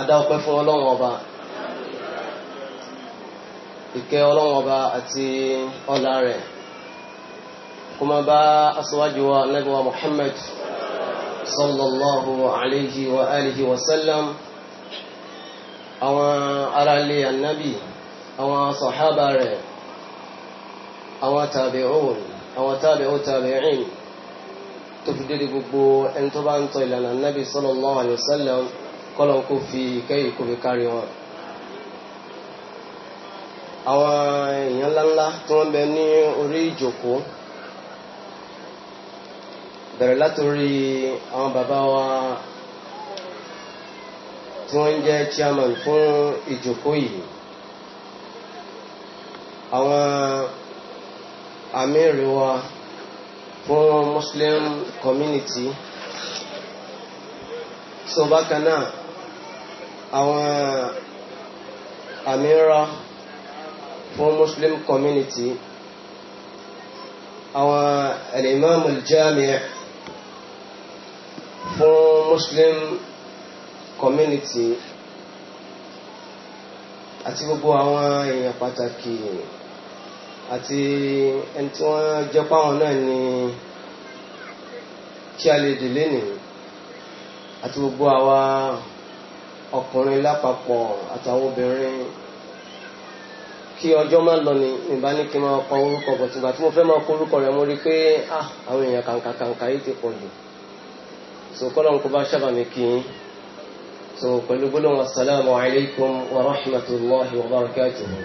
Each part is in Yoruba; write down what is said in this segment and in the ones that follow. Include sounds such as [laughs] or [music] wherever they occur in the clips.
adáwọ̀pẹ́ fún ọlọ́run ọba ìkẹ́ ọlọ́run ọba àti ọlá rẹ̀ kó máa bá aṣíwájú wa ànábì wa Muhammad sallallahu alayhi wa alihi wa sallam àwọn aráalé ànábì àwọn sọ̀hábà rẹ̀ àwọn tàbí'ùn àwọn tàbí'ù tàbí'ìn tó fi dédé gbogbo ẹni tó bá ń tọ ìlànà ànábì sallallahu alayhi wa sallam kọ́lọ̀ kó fi kẹ́yìn kó fi kárí wọn. àwọn èèyàn ńláńlá tí wọ́n bẹ ní orí ìjókòó bẹ̀rẹ̀ látòrí àwọn bàbá wa tí wọ́n ń jẹ́ chairman fún ìjókòó yìí àwọn àmìrì wa fún Muslim community so bákan náà àwọn àmìrà fún muslim community àwọn alìmọ́mù jami'a fún muslim community àti gbogbo àwọn èèyàn pàtàkì àti ẹni tí wọ́n jẹ́ páwọn náà ni kí a lè dìlé nìyí àti gbogbo àwa ọkùnrin lápapọ̀ àtàwọn obìnrin kí ọjọ́ máa lọ ní ìbá ní kí n máa kọ orúkọ bọ̀ tí mo fẹ́ máa kọ orúkọ ah, ti pọ̀ jù so kọ́lọ́n kó bá sábà mi kí n so pẹ̀lú gbólóhùn asalaamu alaykum wa rahmatulahi wa barakatuhu.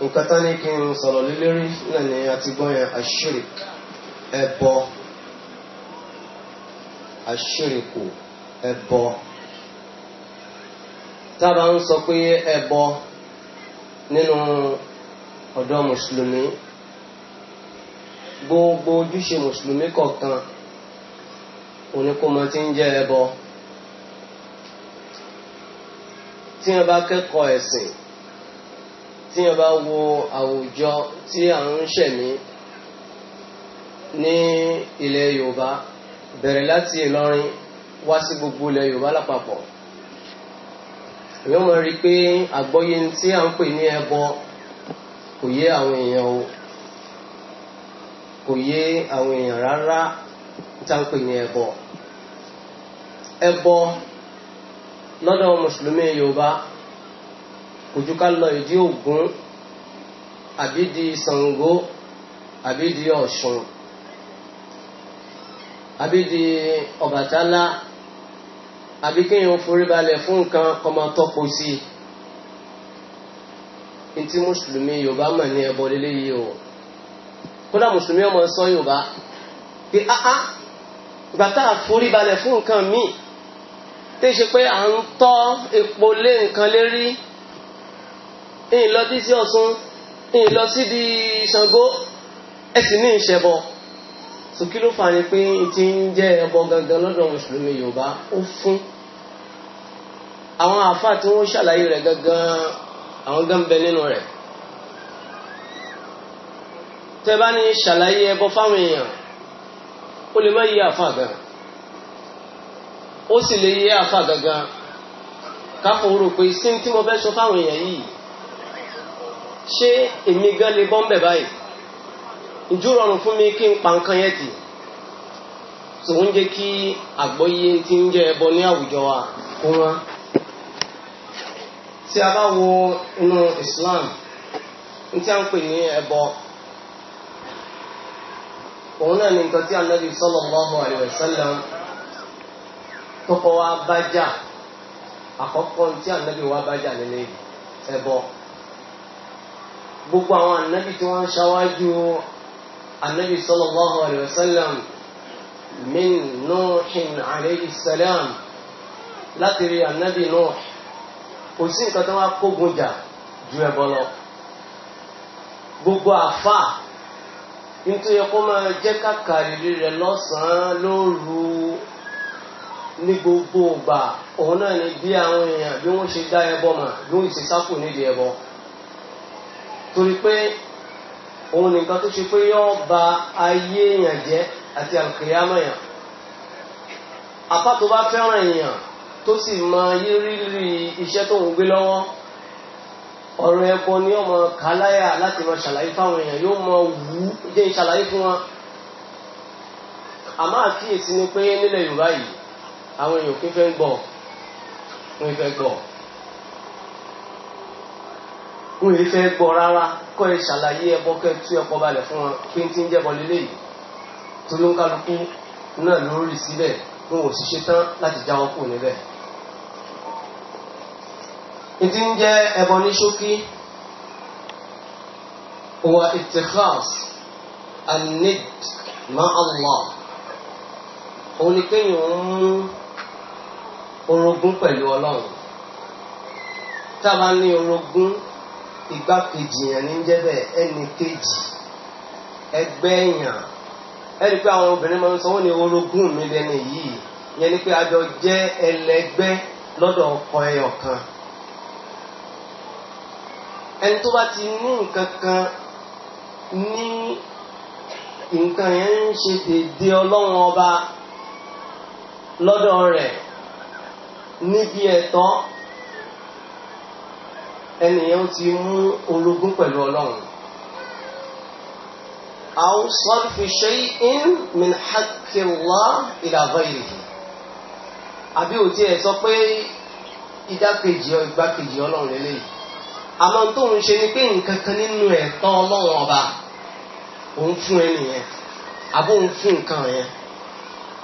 nǹkan tán ní kí n sọ̀rọ̀ lé lérí náà ni a ti àṣírìkù ẹbọ tábà ń sọ pé ẹbọ nínú ọ̀dọ́ mùsùlùmí gbogbo ojúṣe mùsùlùmí kọ̀ọ̀kan oníkómọ tí ń jẹ́ ẹbọ tí wọ́n bá kẹ́kọ̀ọ́ ẹ̀sìn tí wọ́n bá wo àwùjọ tí à ń ṣẹ̀mí ní ilẹ̀ Yorùbá bẹ̀rẹ̀ láti Ìlọrin wá sí gbogbo ilẹ̀ Yorùbá lápapọ̀ èèyàn mọ̀ rí i pé àgbọ́yé tí à ń pè ní ẹbọ kò yé àwọn èèyàn o kò yé àwọn èèyàn rárá tí à ń pè ní ẹbọ ẹbọ lọ́dọ̀ mùsùlùmí Yorùbá kò ju ká lọ ìdí Ògún àbí di Ṣàngó Ọ̀ṣun àbí di Ọbàtálá àbí kéèyàn forí balẹ̀ fún nǹkan ọmọ tọ́po sí i ntí mùsùlùmí yorùbá mọ̀ ní ẹbọ lélẹ́ yìí o kódà mùsùlùmí ọmọ sọ yorùbá pé áá ah, ah, gbàtà forí balẹ̀ fún nǹkan míì tí ṣe pé à ń tọ́ epo lé nǹkan lérí ń lọ sí Ọ̀ṣun ń lọ sí di Ṣàngó ẹ̀sìn ní ìṣẹ̀bọ so kí ló fà ní pé ti ń jẹ́ ẹbọ gangan lọ́dọ̀ mùsùlùmí yorùbá ó fún àwọn àáfàá tí wọ́n ṣàlàyé rẹ̀ gangan àwọn gan bẹ nínú rẹ̀ tẹ bá ní ṣàlàyé ẹbọ fáwọn èèyàn ó lè má yí àáfàá gan ó sì lè yí àáfàá gangan káfọ́ rò pé sí tí mo fẹ́ sọ fáwọn èèyàn yìí ṣé èmi gan lè bọ́ ń bẹ̀ báyìí. ìjó rọrùn fún mi kí n pa nǹkan yẹn tì tó ń jẹ́ kí àgbọ́yé tí ń jẹ ẹbọ ní àwùjọ wa kó wá. tí a bá wo inú Islam ní tí a ń pè ní ẹbọ òun náà ni nǹkan tí Ànábì sallallahu alaihi wasallam tọkọ wa bá jà àkọ́kọ́ tí Ànábì wa النبي صلى الله عليه وسلم من نوح عليه السلام لا rí النبي نوح وسين sí nǹkan tó wá kógun jà ju ẹbọ lọ gbogbo àfà nítorí kó máa jẹ́ kàkàrí rẹ̀ lọ́sàn-án lóru ní gbogbo ìgbà òun náà ni bí àwọn èèyàn bí wọ́n ṣe dá ẹbọ mà bí wọ́n ṣe sáfù nídìí ẹbọ torí pé òun nìkan tó ṣe pé yóò ba ayé èèyàn jẹ́ àti àlùkìyàmọ̀ èèyàn apá tó bá fẹ́ràn èèyàn tó sì mọ yírírí iṣẹ́ tó ń gbé lọ́wọ́ ọ̀rọ̀ ẹ̀kọ́ ni ọmọ kàláyà láti mọ ṣàlàyé fáwọn èèyàn yóò mọ wù ú jẹ́ ìṣàlàyé fún wọn àmọ́ àkíyèsí ni pé nílẹ̀ Yorùbá yìí àwọn èèyàn kí fẹ́ gbọ́ wọ́n fẹ́ gbọ́ wọn yìí fẹ́ gbọ́ rárá kọ́ ẹ ṣàlàyé ẹbọ kẹ́ tú ẹbọ balẹ̀ fún wọn kí n ti ń jẹ́bọ lélẹ̀ yìí tó ló ń kálukú náà ló rì síbẹ̀ wọn ò sì ṣe tán láti jáwọ́ kù níbẹ̀. ìdí ń jẹ́ ẹbọ ní ṣókí wa ittikhas an-nidd ma'a ń mú orogún pẹ̀lú ọlọ́run tá a bá ní orogún igbákejì yẹn ní jẹ́ bẹ́ẹ̀ ẹnì kejì ẹgbẹ́ èèyàn ẹni pé àwọn obìnrin máa ń sanwó ní orogún mi lẹ́nu yìí yẹn ni pé àjọ jẹ́ ẹlẹgbẹ́ lọ́dọ̀ ọkọ ẹyọ kan ẹni tó bá ti ní nǹkan kan ní nǹkan yẹn ń ṣe déédéé ọlọ́run ọba lọ́dọ̀ rẹ̀ níbi ẹ̀tọ́. E ẹnìyẹn ó ti mú orogún pẹ̀lú ọlọ́run aw sarfi shay'in min haqqi Allah ila ghayrihi àbí ò tiẹ̀ sọ pé ìdákejì ìgbákejì ọlọ́run lélẹ́yìí àmọ́ tó ń ṣe ni pé nǹkan kan nínú ẹ̀tọ́ ọlọ́run ọba òun fún ẹnìyẹn àbó òun fún nǹkan yẹn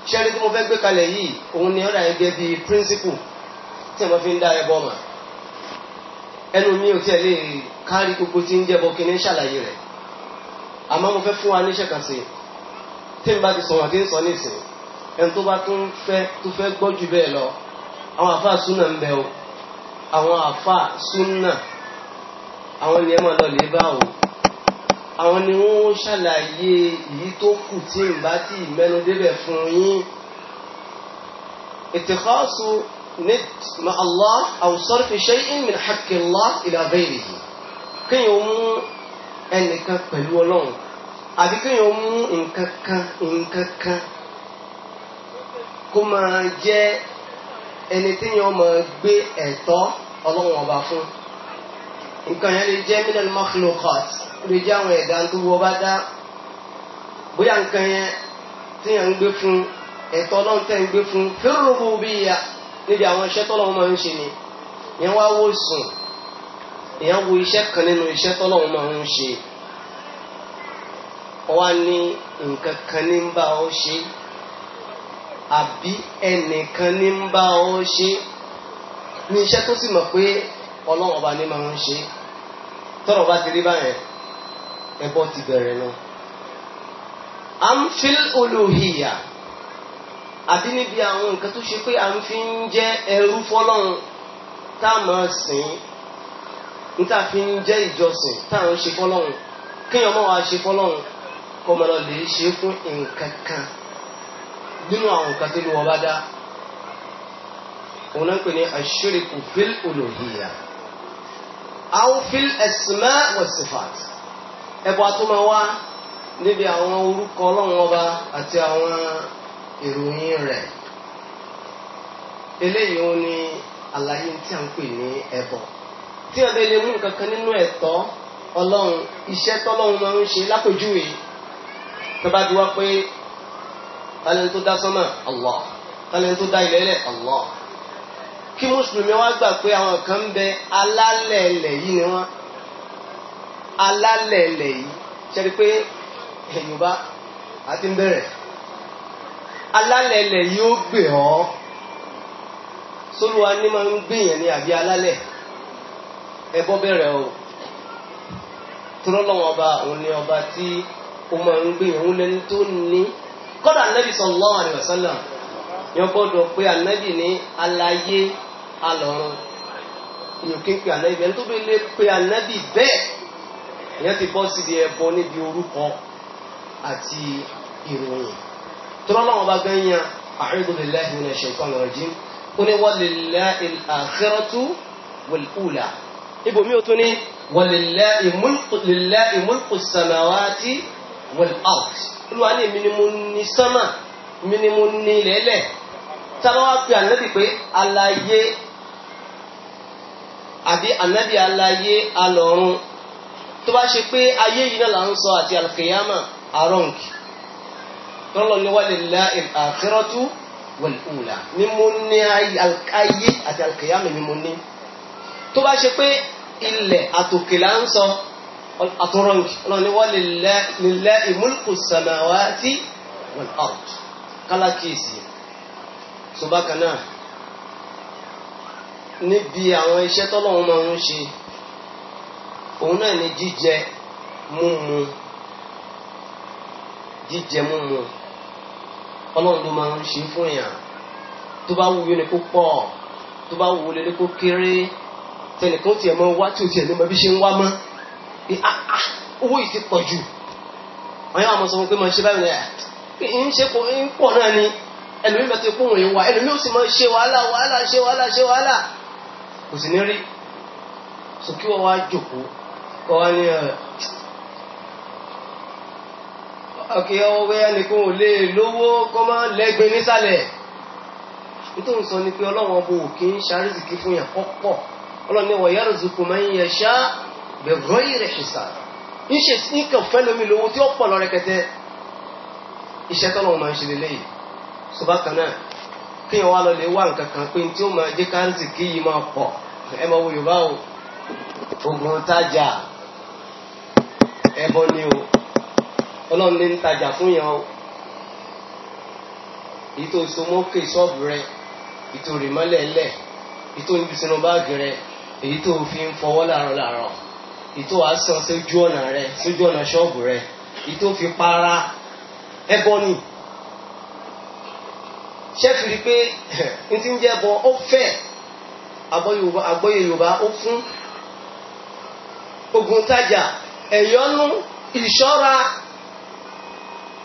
ṣẹ́rí tí mo fẹ́ gbé kalẹ̀ yìí òun ni ọ̀dà yẹn bíi principle tí mo fi ń dá ẹbọ mọ̀ ẹnu mi ò tiẹ̀ lè kárí gbogbo tí ń jẹ́ bọ́ kíní ṣàlàyé rẹ̀ àmọ́ mo fẹ́ fún wa níṣẹ́ kan sí tí n bá ti sọ̀rọ̀ àti ń sọ nísìnyí ẹni tó bá tún fẹ́ tó fẹ́ gbọ́ jù bẹ́ẹ̀ lọ àwọn àfa súnà ń bẹ o àwọn àfa súnà àwọn ni ẹ máa lọ lè bá o àwọn ni wọ́n ṣàlàyé èyí tó kù tí n bá ti mẹ́nu débẹ̀ fún yín ètè kọ́ọ̀sù نت مع الله أو صرف شيء من حق الله إلى غيره كن يوم أنك بلولون àbí kí èèyàn mú nǹkan kan nǹkan kan kó máa jẹ́ ẹni tí èèyàn máa gbé ẹ̀tọ́ ọlọ́run ọba fún nǹkan yẹn lè jẹ́ minal makhlukat lè jẹ́ àwọn ẹ̀dá tó wọ́n bá dá bóyá nǹkan yẹn tí èèyàn ń gbé fún ẹ̀tọ́ ọlọ́run tẹ̀ ń gbé fún fir rububiyya níbi àwọn iṣẹ́ tọ́lọ́wọ́ máa ń ṣe ni ìyẹn wá wò sùn ìyẹn wo iṣẹ́ kan nínú iṣẹ́ tọ́lọ́wọ́ máa ń ṣe ọwá ní nǹkan kan ní ń bá ọ ṣe àbí ẹnìkan ní ń bá ọ ṣe ní iṣẹ́ tó sì mọ̀ pé ọlọ́run ọba ní máa ń ṣe tọ́rọ̀ bá ti rí báyẹn ẹbọ ti bẹ̀rẹ̀ lọ. amfil olóhìyà àbí níbi àwọn nǹkan tó ṣe pé à ń fi ń jẹ́ ẹrú fọ́lọ́run tá a máa sìn níta fi ń jẹ́ ìjọsìn tá à ń ṣe fọ́lọ́run kéèyàn mọ́ wa ṣe fọ́lọ́run kọ́ mọ́ lọ lè ṣe fún nǹkan kan nínú àwọn nǹkan tó lù wọ́n bá dá òun náà ń pè ní aṣ-ṣirku fil uluhiyya aw fil asma' wa sifat ẹ̀bùn àtúmọ̀ wa níbi àwọn orúkọ ọlọ́run ọba àti àwọn ìròyìn rẹ̀ eléyìí ó ní àlàyé tí a ń pè ní ẹbọ tí ọbẹ lè mú nǹkan kan nínú ẹ̀tọ́ Ọlọ́run iṣẹ́ tọ́lọ́run máa ń ṣe lápèjúwe tó bá ti wá pé tálẹ́ni tó dá sánmà Allah tálẹ́ni tó dá ilẹ̀lẹ̀ Allah kí mùsùlùmí wá gbà pé àwọn kan ń bẹ alálẹ̀ẹ̀lẹ̀ yìí ni wọ́n alálẹ̀ẹ̀lẹ̀ yìí ṣe rí pé Yorùbá àti ń bẹ̀rẹ̀ alálẹ̀ ilẹ̀ yóò gbè ọ́ sólùwà ní máa ń gbìyàn ní àbí alálẹ̀ ẹbọ bẹ̀rẹ̀ o tọ́lọ́wọ́n ọba òun ni ọba tí ó máa ń gbìyàn òun lẹni tó ní kọ́dà anábì sallallahu alaihi wasallam yẹn gbọ́dọ̀ pé anábì ní aláyé alọ́run èèyàn kéèké anábì ẹni tó bẹ lé pé anábì bẹ́ẹ̀ ìyẹn ti bọ́ síbi ẹbọ níbi orúkọ àti ìròyìn tọ́lọ́wọ́n bá gán yan a'udhu billahi minash shaitanir rajim ó ní walillahil akhiratu wal ula ibòmí ó tún ní walillahi mulku lillahi mulku samawati wal ard olúwa ní èmi ni mo ní sánmà èmi ni mo ní lẹ́lẹ̀ tábàwá pe ànábì pé àbí ànábì aláyé alọ̀run tó bá ṣe pé ayé yìí náà là ń sọ àti alkiyama aronki tọ́lọ́ ní wàlẹ̀ láìm àkírọ́tù wẹ̀lúùlà ni mo ní ayé àti alkiyama ni mo ní tó bá ṣe pé ilẹ̀ àtòkè là ń sọ àtòrọ̀ǹkì ọlọ́ni wàlẹ̀ láìm múlùkù sàmáwátì wal-ard kálákìsì ṣùgbọ́n náà níbi àwọn iṣẹ́ tọ́lọ́run máa ń ṣe òun náà ni jíjẹ múmu jíjẹ múmu ọlọ́run ló máa ń ṣe fún èèyàn tó bá wúwo ni kó pọ̀ tó bá wúwo lélẹ́ kó kéré tẹnìkan tiẹ̀ mọ wá tí o tiẹ̀ ní mọ bí ṣe ń wá mọ́ bí ah, ah, owó yìí ti pọ̀ jù wọ́n yà wọ́n sọ pé máa ṣe báyìí ní ẹ̀ ń ṣe ń pọ̀ náà ni ẹlòmíì bá ti kó wọ̀nyí wá ẹlòmíì ó sì máa ṣe wàhálà wàhálà ṣe wàhálà ṣe wàhálà kò sì ní rí so kí wọ́n wá jòkó kọ́ wá ní ọkẹ ọwẹ́ ẹnìkan ò lè lówó kọ́ mọ́ lẹ́gbẹ̀ẹ́ nísàlẹ̀ nítorí sọ ni pé ọlọ́run ọbọ òkè ń ṣàrísìkí fún yàn pọ́pọ̀ ọlọ́run ni wọ̀nyá rìzùkú máa ń yẹ ṣá bẹ̀rọ ìrẹ̀ ṣìṣà ń ṣe nǹkan fẹ́ lómi lówó tí ó pọ̀ lọ rẹ̀kẹ̀tẹ̀ iṣẹ́ tọ́lọ́run máa ń ṣe lélẹ́yìí sọ bákan náà kéèyàn wá lọ lè wá nǹkan kan pé tí ó máa jẹ́ kárìsìkí yìí máa pọ̀ ẹ máa wo Yorùbá o ogun tájà ẹbọ ni o ọlọ́run ní ń tajà fún yàn o èyí tó so mọ́kè ṣọ́ọ̀bù rẹ èyí tó rì mọ́lẹ̀ lẹ̀ èyí tó ń ju sínú báàgì rẹ èyí tó fi ń fọwọ́ làárọ̀ làárọ̀ èyí tó wà á sàn sójú ọ̀nà rẹ sójú ọ̀nà ṣọ́ọ̀bù rẹ èyí tó fi para ẹbọ ni ṣẹ́ẹ̀fì rí pé [laughs] n ti ń jẹ́ bọ ó fẹ́ àgbọ́yé Yorùbá ó fún ogun tajà ẹ̀yọ́nú ìṣọ́ra.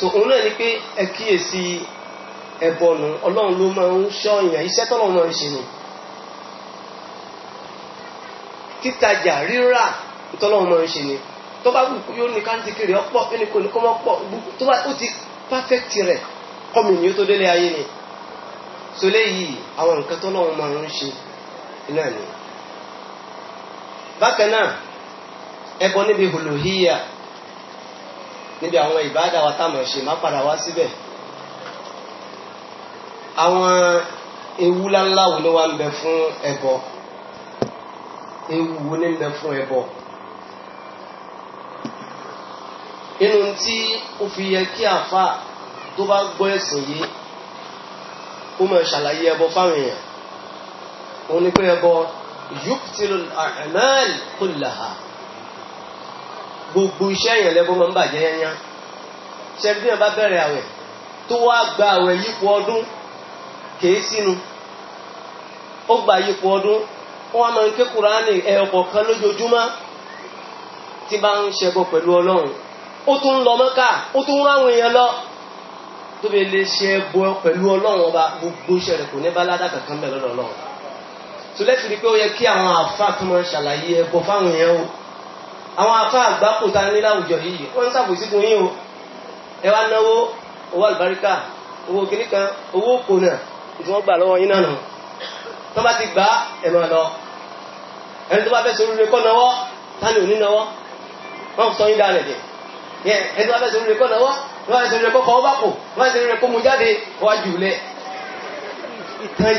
so òun náà ni pé ẹ kíyèsí ẹ̀bọ̀nù ọlọ́run ló máa ń ṣọ́ èèyàn iṣẹ́ tọ́lọ́run máa ń ṣe ni títajà rírà tọ́lọ́run máa ń ṣe ni tó bá wù yóò ní ká ń ti kiri ọ̀pọ̀ ẹni kò ní kó mọ́ pọ̀ tó bá ó ti pàfẹ́kìtì rẹ̀ kọ́mi ni ó tó délé ayé ni so léyìí àwọn nǹkan tọ́lọ́run máa ń ṣe náà ni bákan náà ẹbọ níbi hòlòhíyà níbi àwọn ìbáàdà wa tá a mọ̀ ṣe má padà wá síbẹ̀ àwọn ewu ńláńlá wo ni wà ń bẹ fún ẹbọ ewu wo ni ń bẹ fún ẹbọ inú tí ó fi yẹ kí àfa tó bá gbọ́ ẹ̀sìn yìí ó máa ṣàlàyé ẹbọ fáwọn èèyàn òun ni pé ẹbọ yuktilu al-a'mal kullaha gbogbo iṣẹ́ yẹn lẹ́bọ́ máa ń bàjẹ́ yányá ṣẹ́ni bí wọ́n bá bẹ̀rẹ̀ àwẹ̀ tó wá gba àwẹ̀ yípo ọdún kèé sínú ó gba yípo ọdún wọ́n á máa ń ké kuraani ẹ̀ẹ̀kọ̀ kan lójoojúmọ́ tí bá ń ṣẹbọ pẹ̀lú ọlọ́run ó tún lọ mọ́ká ó tún ráwọn èèyàn lọ tó lè ṣe ẹbọ pẹ̀lú ọlọ́run ọba gbogbo iṣẹ́ rẹ̀ kò ní bá ládàkà kan bẹ̀ lọ́dọ̀ ọlọ́run tó lẹ́tìrí pé ó yẹ kí àwọn àáfàá tó máa ṣàlàyé ẹbọ fáwọn èèyàn o àwọn afá àgbákò ta ní láwùjọ yìí wọ́n ń sàbòsí fún yín o ẹ wá náwó owó àlùbáríkà owó kìíní kan owó kònà tí wọ́n gbà lọ́wọ́ yín náà nù tó ti gbà ẹ̀ lọ ẹni tó bá fẹ́ sórí rẹ kọ́ tani ò ní náwó wọ́n sọ yín dáa lẹ̀dẹ̀ ẹni tó bá fẹ́ sórí rẹ kọ́ náwó wọ́n fẹ́ sórí rẹ kọ́ kọ́ bá kò wọ́n fẹ́ sórí rẹ kó mu jáde wájú lẹ̀ ìtàn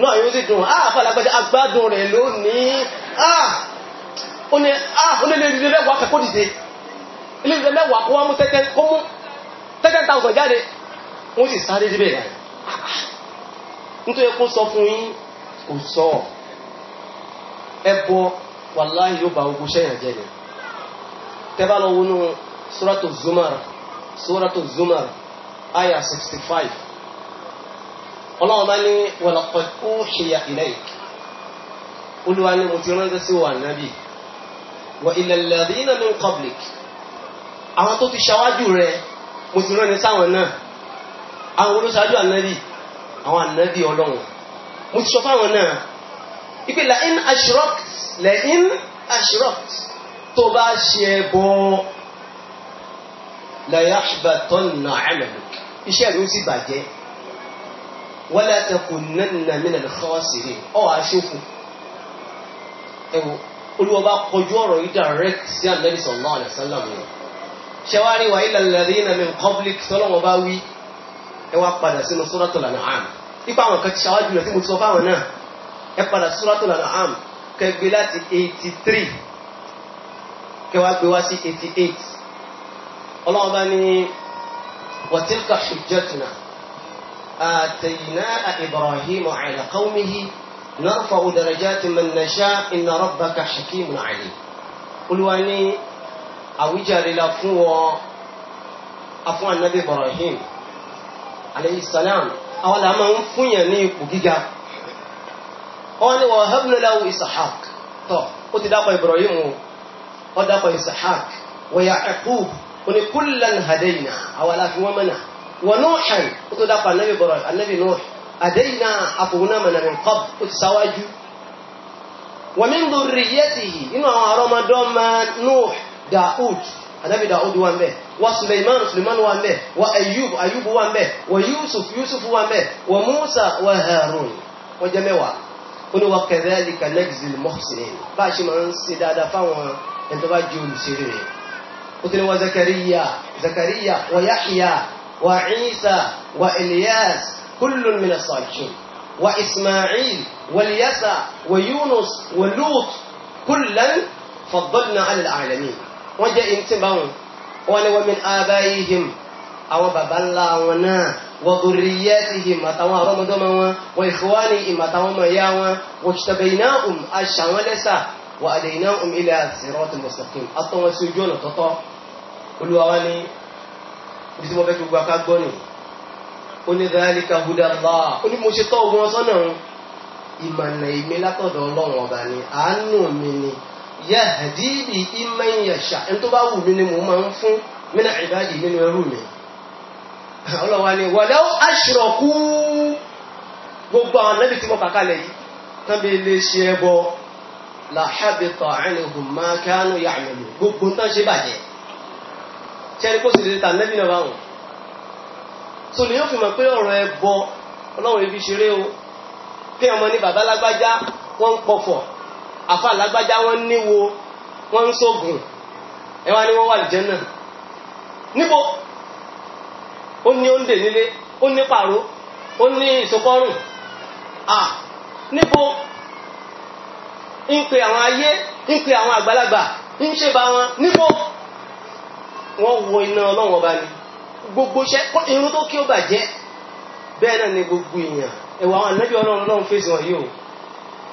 náà yóò sì dùn ó ní ah ó lé lé lé lẹ́wàá kẹ́kọ́ dìde ilé ìdílé mẹ́wàá kó wá mú tẹ́tẹ́ kó mú tẹ́tẹ́ tàwùsàn jáde wọ́n sì sáré débẹ̀ rẹ̀ nítorí kó sọ fún yín kò sọ ẹ bọ wàláhì yóò bá ogun sẹ́yìn jẹ́ ni tẹ́bá lọ wọnú sóràtò zumar sóràtò zumar aya sixty five ọlọ́run bá ní wọ̀lọ́pẹ̀ kó ṣe ìlẹ́yìn olúwa ni mo ti ránṣẹ́ sí wa nábì wa ilal ladhina min qablik àwọn tó ti ṣáwájú rẹ mo ti rán ni sáwọn náà àwọn olóṣáájú ànábì àwọn ànábì ọlọ́run mo ti sọ fáwọn náà ipe la'in ashrakt la'in ashrakt tó bá ṣe ẹbọ la yahbatanna 'amaluk iṣẹ́ rẹ̀ ó sì bàjẹ́ wala takunanna minal khasirin ọ̀ àṣòfò ẹ̀wọ̀ olúwa bá kọjú ọ̀rọ̀ yìí direct sí anabi sallallahu alayhi wa sallam yẹn ṣẹwárí wa ilẹ̀ alladhina min qablik sọlọ́wọ́ bá wí ẹ wá padà sínú suratul an'am nípa àwọn kan ṣáwájú rẹ̀ tí mo sọ fáwọn náà ẹ padà suratul an'am kẹgbẹ́ láti eighty three kẹwàá gbé wá sí eighty eight ọlọ́wọ́ bá ní wa tilka hujjatuna ataynaa Ibrahima ala نرفع درجات من نشاء إن ربك حكيم عليم Olúwa ní àwíjàre la fún ọ afún anabi Ibrahim alayhi salam àwọn la máa ń fún yẹn ní ipò gíga wọn ni wa habna lahu Ishaq tọ ó ti dápọ̀ Ibrahim o ó dápọ̀ Ishaq wa Yaqub ó kullan hadayna àwọn aláfi wọn wa Nuhan ó tó dápọ̀ anabi Ibrahim anabi Nuh àdéyìnà àfòwúnàmọ̀nà min qabl ó ti sáwájú wa min dhurriyyatihi inú àwọn àrọ́mọdọ́mọ Nuh Daud anabi Daud wà ńbẹ̀ wa Sulaiman Sulaiman wà ńbẹ̀ wa Ayyub Ayyub wà ńbẹ̀ wa Yusuf Yusuf wà ńbẹ̀ wa Musa wa Harun wọ́n jẹ́ mẹ́wàá ó ní wa kadhalika najzil muhsinin bá a ṣe máa ń ṣe dáadáa fáwọn ẹni tó bá jẹ́ olùṣeré rẹ̀ ó ti ní wa Zakariya Zakariya wa Yahya wa Isa wa Ilyas كل من الصالحين وإسماعيل واليسع ويونس ولوط كلا فضلنا على العالمين وجاء انتباهم وانا ومن آبائهم أو بابلا ونا وذرياتهم أتوا رمضان وإخوانهم أتوا ياوا واجتبيناهم أشاولسا وأديناهم إلى صراط المستقيم أطوا سجون تطا قلوا واني بسم الله onídàálíkà hudàlá onímọ̀ṣetọ́ ogun ọ̀sánà ìmọ̀nà ìmí látọ̀dọ̀ ọlọ́run ọba ni àánú mi ni yahdi bi man yasha ẹni tó bá wù mí ni mo máa ń fún mina ibadi nínú ẹrú mi ọlọ́wà ni walaw ashraku gbogbo àwọn nẹ́bí tí mo kà kalẹ̀ yìí tán bí lè ṣe ẹbọ la habita anhum ma kanu ya'malu gbogbo tán ṣe bàjẹ́ ṣẹ́ni kó sì lè ta nẹ́bí náà báwọn so lè yóò fi mọ̀ pé ọ̀rọ̀ ẹbọ ọlọ́run ibi ṣeré o kí ọmọ ní bàbá lágbájá wọ́n ń pọ̀fọ̀ àfa lágbájá wọ́n níwo wọ́n ń sógun ẹ wá ní wọ́n wà lìjẹ́ náà níbo ó ní oúnjẹ nílé ó ní pàró ó ní ìsopọ́rùn à níbo ń pe àwọn ayé ń pe àwọn àgbàlagbà ń ṣe bá wọn níbo wọ́n wo iná ọlọ́run ọba ni gbogbo iṣẹ́ irun tó kí ó bàjẹ́ bẹ́ẹ̀ náà ni gbogbo èèyàn ẹ̀wọ̀ àwọn ànábì ọlọ́run lọ́run fèsì wọn yìí o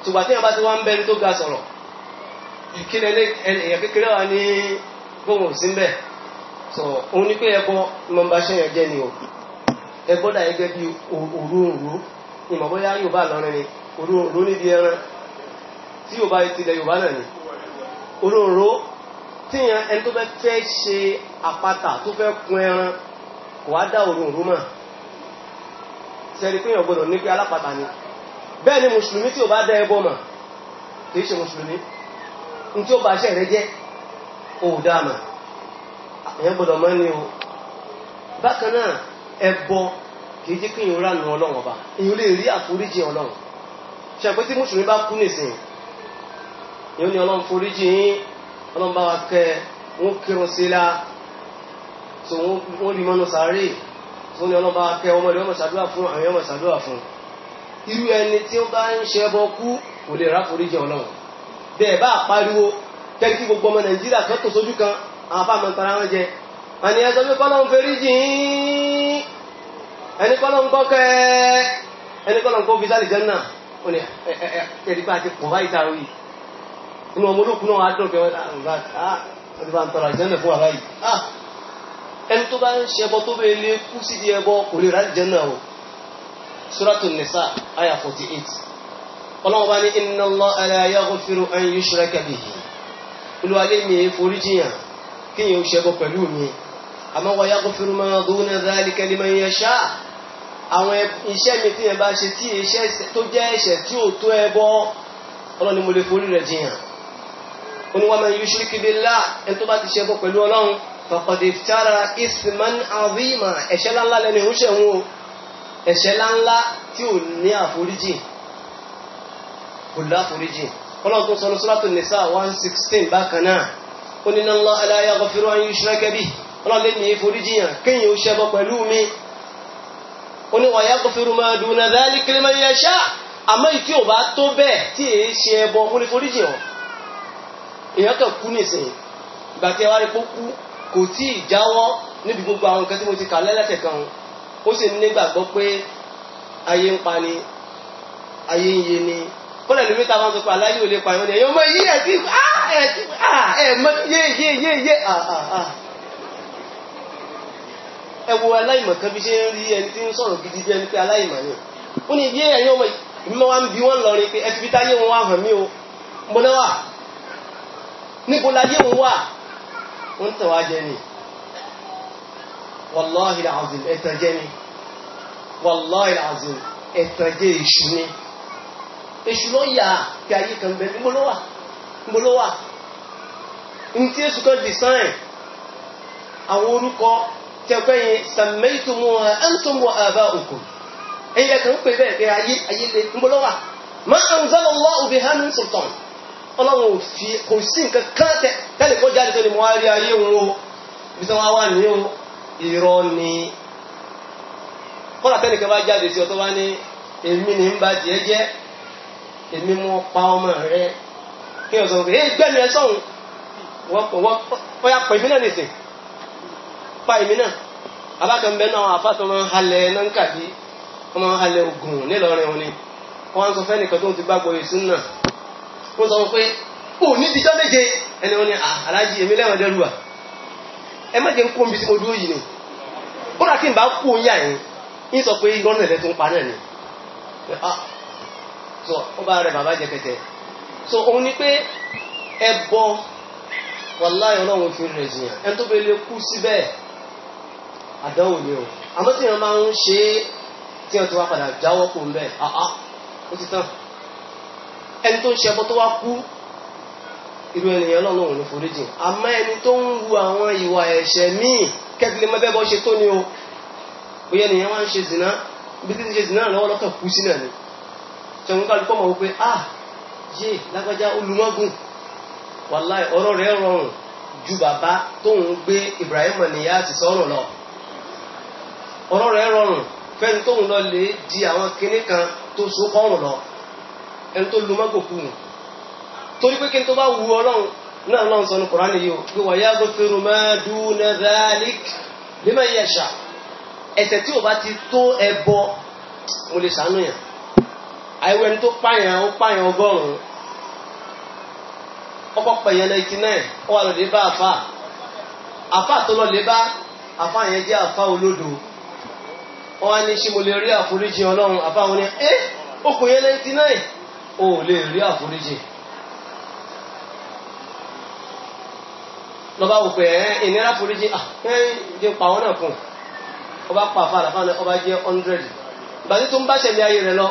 tùgbà tí yẹn bá ti wá ń bẹ́ni tó ga sọ̀rọ̀ ìkíni èèyàn kékeré wa ní bóun ò sí ń bẹ̀ sọ òun ni pé ẹbọ nọ́mbà ṣẹyàn jẹ ni o ẹbọ dà gẹ́gẹ́ bí òróǹro ìmọ̀ bóyá Yorùbá lọ́rin ni òróǹro níbi ẹran tí Yorùbá ti lẹ Yorùbá náà ni òróǹro tíyan ẹni tó fẹ́ fẹ́ ṣe àpáta tó fẹ́ kun ẹran kò wá dá òru òru mọ̀ sẹ́ni pé èèyàn gbọ́dọ̀ ní pé alápàtà ni bẹ́ẹ̀ ni mùsùlùmí tí ò bá dá ẹbọ mọ̀ í ṣe mùsùlùmí ní tí ó bá iṣẹ́ rẹ jẹ́ òòdà mọ̀ gbọ́dọ̀ o bákan náà ẹbọ kìí jẹ́ kí ọba lè rí àforíjì ọlọ́run ṣàpẹ́ tí mùsùlùmí bá kú nìsín ọlọ́run foríjì yín ọlọ́run bá wa kẹ́ so wọ́n rí mọ́nú sàárè tó ní ọlọ́ba akẹ́ ọmọ rẹ̀ ọmọ ṣàdúrà fún àwọn ọmọ ṣàdúrà fún irú ẹni tí ó bá ń ṣe ẹbọ kú kò lè ráforíjì ọlọ́run bẹ́ẹ̀ bá pariwo kẹ́kí kí gbogbo ọmọ nàìjíríà kan tó sójú kan àwọn bá máa tara wọn jẹ àní ẹjọ́ pé kọ́lọ́n fẹ́rí jìn ẹni kọ́lọ́n gbọ́ kẹ́ ẹni kọ́lọ́n gbọ́ fisali jẹ́nà ó náà ẹni tó bá ń ṣẹbọ tó bẹ lé kú síbi ẹbọ kò lè rà jẹ náà o suratu nisa aya forty eight ọlọ́run bá ní inna Allaha la yaghfiru an yushraka bihi olùwàlẹ́ mi forí jiyàn kéèyàn ó ṣẹbọ pẹ̀lú mi àmọ́ wa yaghfiru ma duna dhalika liman yasha àwọn iṣẹ́ mi tí yẹn bá ṣe tí iṣẹ́ tó jẹ́ ẹ̀ṣẹ̀ tí ò tó ẹbọ ọlọ́run ni mo lè forí rẹ̀ jiyàn oníwàmọ̀ yushrik billah ẹni tó bá ti ṣẹbọ pẹ̀lú ọlọ́run faqad iftara isman azima ẹ̀ṣẹ̀ ńláńlá lẹ́nu ìhún ṣẹ̀wọ̀n o ẹ̀ṣẹ̀ ńláńlá tí ò ní àforíjì kò láforíjì ọlọ́run tó sọnù sọ́látò nìsá one sixteen bákan náà ó ní iná ńlá la yaghfiru an yushraka bihi ọlọ́run lè ní ìforíjì yàn kéèyàn ó ṣẹbọ pẹ̀lú mi ó ní wa yaghfiru ma duna dhalika liman yasha àmọ́ ìtí ò bá tó bẹ́ẹ̀ tí èé ṣe ẹbọ mo ní foríjì hàn èèyàn kan kú nìsín ìgbà tí ẹ wá rí pé ó kú kò tí ì jáwọ́ níbi gbogbo àwọn nǹkan tí mo ti kà lẹ́lẹ́sẹ̀ kan ó sì nígbàgbọ́ pé ayé ń pa ni ayé ń yé ni kọ́lẹ̀ lórí ta máa ń sọ pé aláyé ò lè pa ìwọ́n ni ẹ̀yọ́ mọ yí ẹ̀ tí ah, ẹ̀ tí ah, ẹ̀ mọ yé yé yé yé ah, ẹ wo aláìmọ̀ kan bí ṣe ń rí ẹni tí ń sọ̀rọ̀ gidi bí ẹni pé aláìmọ̀ ni ó ní yé ẹ̀yọ́ mọ ìmọ̀ wa ń bi wọ́n lọ rí pé ẹ ti fi táyé wọn wá hàn mí o mo náà wà níbo láyé wọn wà ó ń tẹ̀wá jẹ ni wàláhì làzìm ẹ̀tàn jẹ ni wàláhì làzìm ẹ̀tàn jẹ èṣù ni èṣù ló yà kí ayé kan bẹ níbo ló wà níbo ló wà ní tí èṣù kan design àwọn orúkọ tẹ̀gbẹ́yìn sàmẹ́tùmù ẹ̀ńtùmù àbá òkú ẹ̀yẹ kan pè bẹ́ẹ̀ ayé lè níbo ọlọ́run ò kò sí nǹkan kan tẹ tẹ́lẹ̀ kó jáde sẹ́ni mo á rí ayé òun o ibi tí wọ́n wá ní òun irọ́ ni kọ́lá tẹ́lẹ̀ kan bá jáde sí ọtọ́ bá ní èmi ní ń ba tiẹ̀ jẹ́ èmi mo pa ọmọ rẹ kí ọ̀sán òkè ẹ gbẹ́mi ẹ sọ̀hún wọ́n yà pọ̀ èmi náà nìsín pa èmi náà abákan bẹ́ẹ̀ náà àfàtọ́ máa ń halẹ̀ náà ń kàdí wọ́n máa ń halẹ̀ ògùn nílọrin òní wọ́n á sọ fẹ́nìkan tó ń ti gbàgbọ́ ìsúná ó sọ pé ó ní ìdíjọ́ méje ẹni wọn ni ah, aláàjì èmi lẹ́wọ̀n dẹ́rùwà ẹ má jẹ́ ń kó mi sí mo dúró yìí ni ó rà kí n bá kú oyin àyìn ń sọ pé lọ́nà ẹ̀lẹ́ tó ń pa náà ni ah, so ó bá rẹ bàbá jẹkẹtẹ so òun ni pé ẹ bọ wàláyé ọlọ́run fi rẹ̀ jìyàn ẹni tó bẹ́ẹ̀ lè kú síbẹ̀ àdánwò ni o àmọ́ tí wọ́n máa ń ṣe é tí wọ́n ti wá padà jáwọ́ kó ń bẹ́ẹ̀ ó ti tán ẹni tó ń ṣẹbọ tó wá kú irú ènìyàn náà lòun ní foríjì àmọ́ ẹni tó ń wu àwọn ìwà ẹ̀ṣẹ̀ míì kẹ́kìlẹ́ mẹ́bẹ́ bọ́ ṣe tó ni o bóyá ènìyàn wá ń ṣe zìnà bí tí ń ṣe zìnà lọ́wọ́ lọ́kàn kú sílẹ̀ ni ṣẹ̀wọ́n kálukọ́ mọ̀ wípé ah yé lágbájá olùmọ́gùn wàláì ọ̀rọ̀ rẹ̀ rọrùn ju bàbá tóun gbé Ibrahim Niyas sọ̀rọ̀ lọ ọ̀rọ̀ rẹ̀ rọrùn fẹ́ni tóun lọ lè di àwọn kinní kan tó so kọ́rùn lọ ẹni tó lu mágò kú nù torí pé kí n tó bá wu ọlọ́run náà náà sọ ní kùránì yìí o pé wọ́n yá gbófinró máa dúnà dáálík bí máa yẹ ṣà ẹ̀ṣẹ̀ tí ò bá ti tó ẹbọ mo lè ṣàánú yàn àìwẹ̀ ẹni tó pààyàn ó pààyàn ọgọ́rùn-ún ọkọ̀ pẹ̀yàn ninety nine ó wà lọ́dẹ bá àfà àfà tó lọ́dẹ bá àfà yẹn jẹ́ àfà olódo wọ́n á ní ṣé mo lè rí àforíjì ọlọ́run àfà wọn ni ẹ́ eh, okùn yẹn ninety nine o lè rí àforíjì lọ́ba wò pé ẹ̀ ìnira àforíjì ẹ̀ ah, jẹ́ pa wọn náà kùn ọba pa àfa àlàfà náà ọba jẹ́ hundred ìbàdí tó ń bá ṣẹlẹ̀ ayé rẹ̀ lọ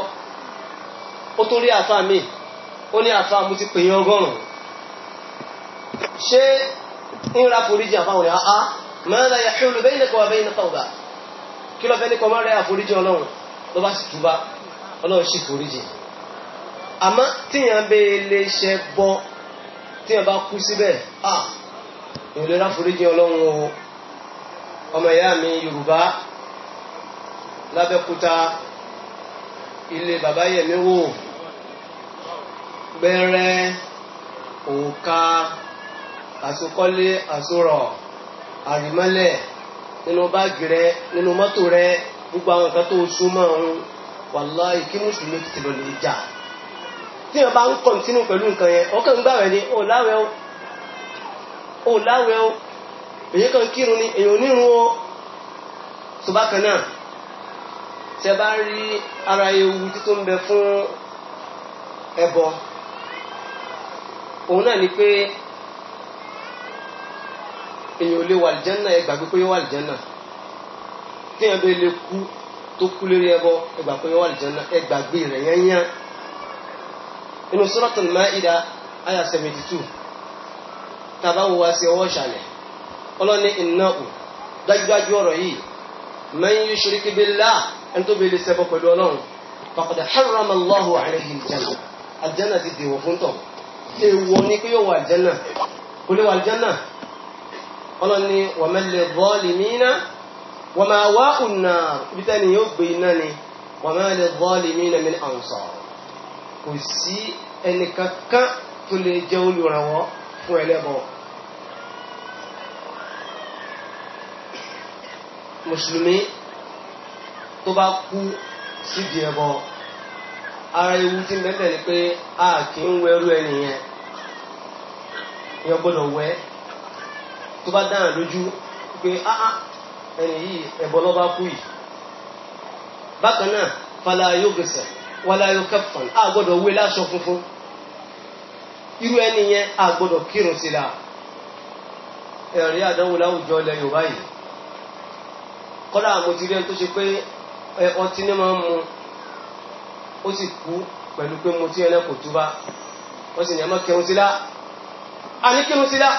ó tó rí àfa mi ó ní àfa mo ti pè é ọgọ́rùn-ún ṣé ń ra àforíjì àfa wọn ni àá mẹ́rin láyà ṣé olùbẹ́yìn lẹ́kọ̀ọ́ abẹ́yìn lẹ́kọ̀ọ́ ọ̀gá kí lọ́fẹ́ ní kọ́ mọ́ rẹ̀ àforíjì ọlọ́run ló bá sì túbá ọlọ́run sì foríjì àmọ́ tíyàn bẹ lè ṣe bọ́ tíyàn bá kú síbẹ̀ à ìlera foríjì ọlọ́run o ọmọ ìyá mi yorùbá lábẹ́kúta ilé bàbá yẹ̀mí wò gbẹ́rẹ́ òǹkà àsokọ́lé àsorọ̀ àrímọ́lẹ̀ nínú báàgì rẹ nínú mọ́tò rẹ gbogbo àwọn nǹkan tó súnmọ́ ọ̀hún wàláì kí mùsùlùmí ti lọ lè jà. tí wọ́n bá ń kọ̀ntínú pẹ̀lú nǹkan yẹn ọkàn ń gbàwẹ̀ ni ó láwẹ̀ o ò láwẹ̀ o èyí kan kírun ni èyí onírun ó tó bá kan náà tí bá rí ara ewu títún ń bẹ fún ẹbọ òun náà ni pé èyí ò lè wà lìjánà pé yóò wà tí lè tó kú lórí ẹbọ yóò wà inú suratul Maida àyà 72 tàbá wo wá sí ọwọ́ ìṣàlẹ̀ ọlọ́ni innahu dájúdájú ọ̀rọ̀ yìí man yushrik billah ẹni tó bèèrè sẹ́bọ̀ pẹ̀lú ọlọ́run faqad harrama Allahu alayhi al-jannah àjẹ́nà ti dèwọ̀ fún tọ̀ èèwọ̀ ni pé yóò wà àjẹ́nà kò lè wà àjẹ́nà ọlọ́ni wa man lil-zalimina wa ma'wa'un ibi tẹ́ni yóò gbé iná ni wa ma lil-zalimina min kò sí ẹnìkankan tó lè jẹ́ olùrànwọ́ fún ẹlẹ́bọ mùsùlùmí tó bá kú sídìí ẹbọ ara ewu tí mẹ́tẹ̀ ni pé a kì ń wẹ́rú ẹni yẹn yẹn gbọ́dọ̀ wẹ́ tó bá dáhà lójú pé áá ẹni yìí ẹbọ lọ́ba kú yìí bákan náà fala yóò gbèsè wàlá yukafan a gbọ́dọ̀ wé láṣọ funfun irú ẹni yẹn a gbọ́dọ̀ kírun sí la ẹ̀rí àdánwò láwùjọ ilẹ̀ yorùbá yìí kọ́dà mo ti rí ẹni tó ṣe pé ọtí ní máa ń mu ó sì kú pẹ̀lú pé mo ti ẹlẹ́kùn túbá wọ́n sì ní ẹ má kírun sí la a kírun sí la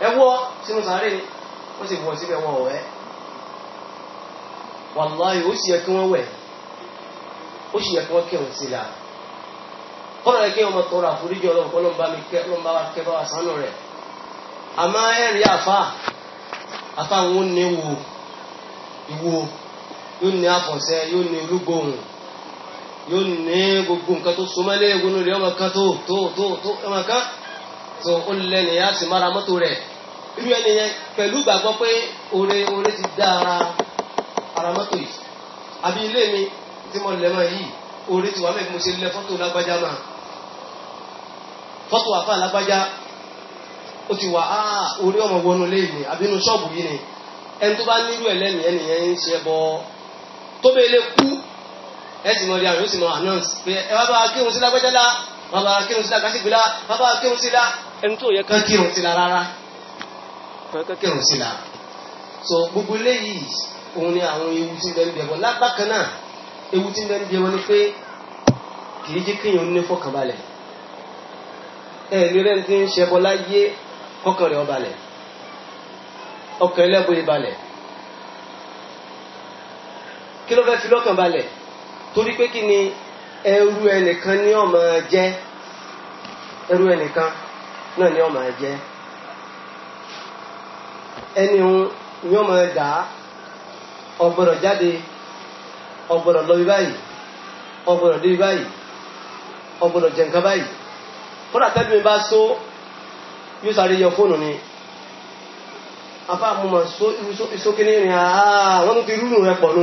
ẹ wọ́ sínú sàárè ni wọ́n sì wọ̀ síbẹ̀ wọ́n ọ̀wẹ́ wàláhì ó sì yẹ kí wọ́n wẹ̀ ó sì yẹ kí wọ́n kírun sí la kọ́nà yẹ kí wọ́n tọrọ àforíjì ọlọ́run kọ́nà bá mi kẹ́ ọlọ́run bá wa kẹ́ bá wa sánú rẹ̀ àmọ́ ẹ̀rí àfa àfa àwọn ní wo ìwo yóò ní àfọ̀sẹ́ yóò ní olúgbòhùn yóò ní gbogbo nǹkan tó súnmọ́lé ìwúnú rẹ̀ ọmọ kan tó tó tó tó ọmọ kan tó ó lẹ́nu yá sí mara mọ́tò rẹ̀ irú ẹni yẹn pẹ̀lú gbàgbọ́ pé oore oore ti dá ara ara yìí àbí ilé mi tí mo lẹ̀ máa yìí orí ti mẹ́bí mo ṣe lẹ fọ́tò lágbájá máa fọ́tò àfa lágbájá ó ti wà áà orí ọmọ wọnú léèmí àbínú ṣọ́ọ̀bù yìí ni ẹni tó bá nílò ẹ̀ lẹ́nu ẹni yẹn ń ṣe bọ́ tó bẹ́ẹ̀ lè kú ẹ sì mọ di àrùn ó sì mọ announce pé ẹ wá bá wa kírun sí lágbájá lá wá bá wa kírun sí lágbájá lá wá bá wa kírun sí lá ẹni tó yẹ kírun sí la rárá kírun sí la so gbogbo eléyìí òun ni àwọn ewu ti bẹ́ẹ̀ bẹ́ẹ̀ lágbákan náà ewu tí ń bí wọn ni pé kì í jẹ́ kéèyàn ní fọkànbalẹ̀ ẹ̀rí rẹ̀ ti ń ṣẹbọ láyé kọ́kàn rẹ̀ ọbalẹ̀ ọkàn ẹlẹ́bùn ìbalẹ̀ kí ló fẹ́ fi lọ́kàn balẹ̀ torí pé kí ni ẹrú ẹnìkan ní ó máa jẹ́ ẹrú ẹnìkan náà ní ó jẹ́ ẹni òun ní ó máa dà jáde ọgbọ́dọ̀ lọ bí báyìí ọgbọ́dọ̀ dé bí báyìí ọgbọ́dọ̀ jẹ nǹkan báyìí kódà tẹ́lẹ̀ mi bá so yóò sáré yọ fóònù ni afá mo mọ̀ so ìsókè ní ìrìn àá wọ́n ti rúnù rẹ pọ̀ nù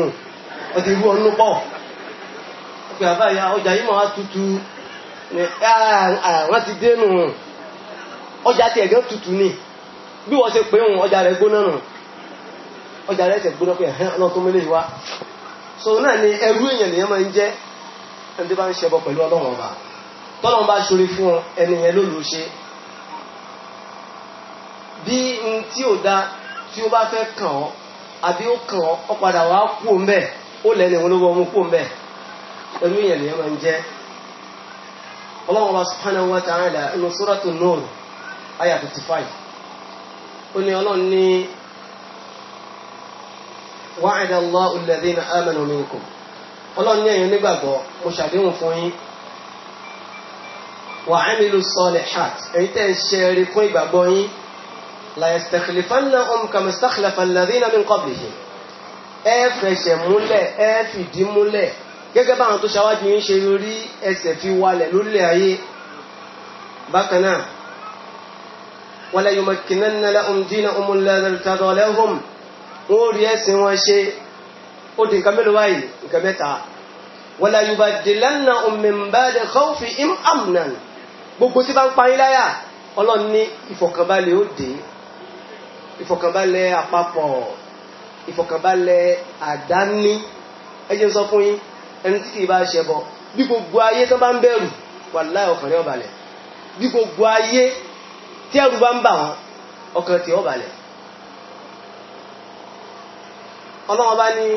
wọ́n ti rú ọdún pọ̀ pé àbá ya ọjà yìí mọ̀ wá tutù wọ́n ti dé nù ọjà tiẹ̀ gẹ́ tutù ni bí wọ́n ṣe pé òun ọjà rẹ̀ gbóná nù ọjà rẹ̀ ṣe gbóná pé so náà ni ẹrú èèyàn nìyẹn máa ń jẹ́ ẹni tó bá ń ṣẹbọ pẹ̀lú ọlọ́run ọba tọ́lọ́run bá ṣorí fún ẹni yẹn ló lò ṣe bí n tí ò da tí ó bá fe kàn ọ, àbí ó kàn ọ, ọ padà wá kú òun bẹ́ẹ̀ ó lẹ́nu wọn ló bọ́ ọmú kú òun ẹrú èèyàn nìyẹn máa ń ọba inú wa'ada Allahu alladhina amanu minkum ọlọ́run ní ẹ̀yin onígbàgbọ́ mo ṣàdéhùn fún yín wa amilu salihat èyí tẹ́ ń ṣe eré fún ìgbàgbọ́ yín la yastakhlifannahum kama istakhlafa alladhina min qablihim ẹ fẹsẹ̀ múlẹ̀ ẹ fìdí múlẹ̀ gẹ́gẹ́ báwọn tó ṣáwájú yín ṣe rí ẹsẹ̀ fi walẹ̀ lórílẹ̀ ayé bákan náà wala yumakkinanna lahum dinahum alladhi irtada lahum wọ́n rí ẹ̀sìn wọn ṣe ó di nǹkan mélòó báyìí nǹkan mẹ́ta wala yubaddilanna um min ba'di khawfihim amnan gbogbo tí bá ń parí láyà ọlọ́run ní ìfọ̀kànbalẹ̀ ó dé ìfọ̀kànbalẹ̀ àpapọ̀ ìfọ̀kànbalẹ̀ àdání ẹjẹ́ sọ fún yín ẹni tí kì í bá ṣẹbọ bí gbogbo ayé tó bá ń bẹ̀rù wallahi ọkàn rẹ̀ ó bí gbogbo ayé tí ẹ̀rù bá ń bà wọ́n ọkàn tí ó ọlọ́wọ́n bá ní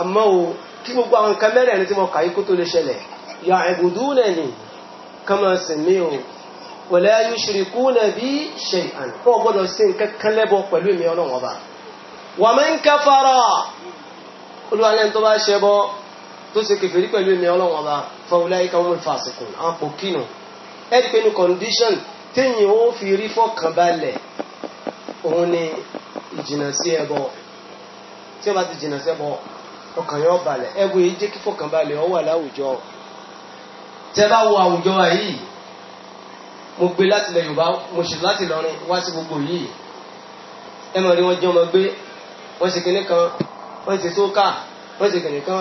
àmọ́ o kí gbogbo àwọn nǹkan mẹ́rẹ̀ẹ̀rin tí mo kà yí kó tó lè ṣẹlẹ̀ yà ẹ̀bùdúnẹ̀ni kan máa sìn mí o wala yushrikuna bi shay'an kọ́ gbọ́dọ̀ sí nǹkan kan lẹ́bọ pẹ̀lú mi ọlọ́wọ́n bá wa man kafara olúwalẹ̀ tó bá ṣẹbọ tó ṣe kèfèrí pẹ̀lú mi ọlọ́wọ́n bá fa ulaika humul fasiqun àpò kínú ẹ̀ pé ní condition téèyàn ó fi rí fọkànbalẹ̀ òun ni ìjìnà sí ẹbọ tí ó bá ti jìnà sẹ́bọ ọkàn yóò balẹ̀ ẹgbẹ́ yìí jẹ́ kí fọkàn balẹ̀ ọ wà láwùjọ tẹ́ bá wo àwùjọ wa yìí mo gbé láti ilẹ̀ Yorùbá mo ṣètò láti Ìlọrin wá sí gbogbo yìí ẹ mọ̀ rí wọn jẹ́ ọmọ gbé wọ́n ṣe kìnnì kan wọ́n ṣe sókà wọ́n ṣe kìnnì kan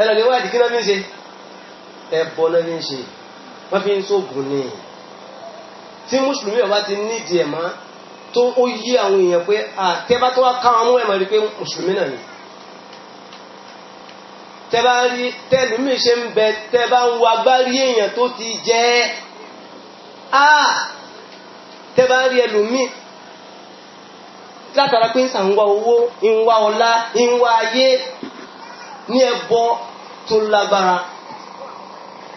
ẹ lọ lè wá ìdí kí náà fi ń ṣe ẹbọ náà fi ń ṣe wọ́n fi ń ṣoògùn ni tí mùsùlùmí ọba ti nídìí ẹ̀ máa tó ó yí àwọn èèyàn pé àtẹ́bá tó wá káwọn mú ẹ̀mọ̀ rí pé mùsùlùmí náà ni tẹ́bá rí tẹ́lùmí ṣe ń bẹ tẹ́bá ń wo agbárí èèyàn tó ti jẹ́ tẹ́bá rí ẹlòmí látara pé ń sàn ń wá owó ń wá ọlá ń wá ayé ní ẹbọ tó lágbára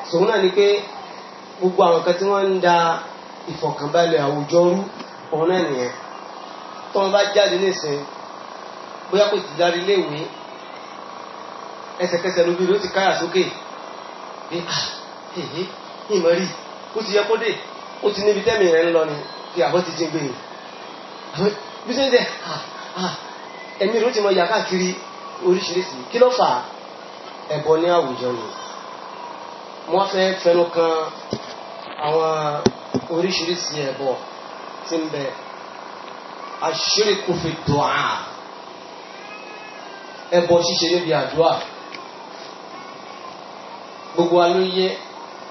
sòun náà ni pé gbogbo àwọn kan tí wọ́n ń da ìfọ̀kànbalẹ̀ àwùjọ rú òun náà nìyẹn tó wọn bá jáde nísìn bóyá kò ti darí iléèwé ẹsẹ̀kẹsẹ̀ lóbi ló ti káyà sókè bí èyí ah, eh, eh, eh, ìmọ̀ rí ó ti yẹ kó dé ó ti níbi tẹ́mì rẹ̀ ń lọ ni kí àbọ̀ ti jí gbé ni bí ṣe ń jẹ́ ah, ah, ẹ̀mí rẹ̀ ó ti mọ yà káàkiri oríṣiríṣi kí ló fà á ẹ̀bọ ní àwùjọ ni wọ́n fẹ́ fẹnu kan àwọn oríṣiríṣi ẹ̀bọ tí ń bẹ aṣíríkù fi dùn á ẹbọ ṣíṣe níbi àdúrà gbogbo wa ló yẹ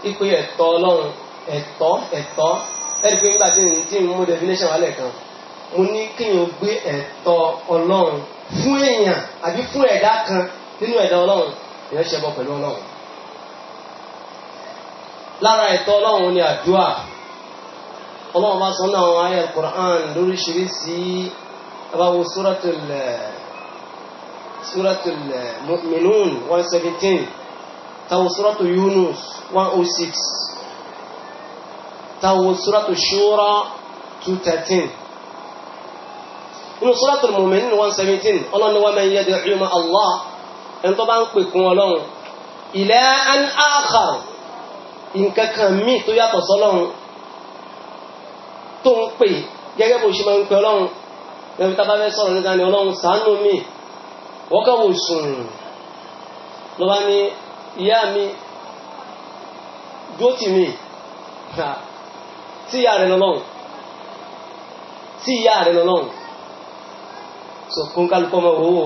ipe ẹ̀tọ́ Ọlọ́run ẹ̀tọ́ ẹ̀tọ́ ẹni pé nígbà tí n tí n mú definition wálẹ̀ kan mo ní kéèyàn gbé ẹ̀tọ́ Ọlọ́run fún èèyàn àbí fún ẹ̀dá kan nínú ẹ̀dá Ọlọ́run èèyàn ṣẹbọ pẹ̀lú Ọlọ́run lára ẹ̀tọ́ Ọlọ́run ni àdúrà ọlọ́run bá sọ náà àwọn ayé Al-Qur'an lóríṣiríṣi abáwo suratul suratul Mu'minun one seventeen tawo suratul Yunus one oh six tawo suratul Shura two thirteen inú suratul Mu'minun one seventeen ọlọ́run ni wọ́n máa ń yẹ dẹ̀ ẹ̀yọ́mọ Allah ẹni tó bá ń pè kún ọlọ́run ila an akhar nǹkan kan tó yàtọ̀ sọ́lọ́run tó ń pè gẹ́gẹ́ bó ṣe máa ń pè ọlọ́run lẹ́yìn tá a bá fẹ́ sọ̀rọ̀ níta ni ọlọ́run ṣàánú mi wọ́n kàn wò sùn ló bá ní ìyá mi dúró tì mí tí ìyá rẹ̀ lọ́lọ́run tí ìyá rẹ̀ lọ́lọ́run sọ fún kálukọ́ ọmọ òwò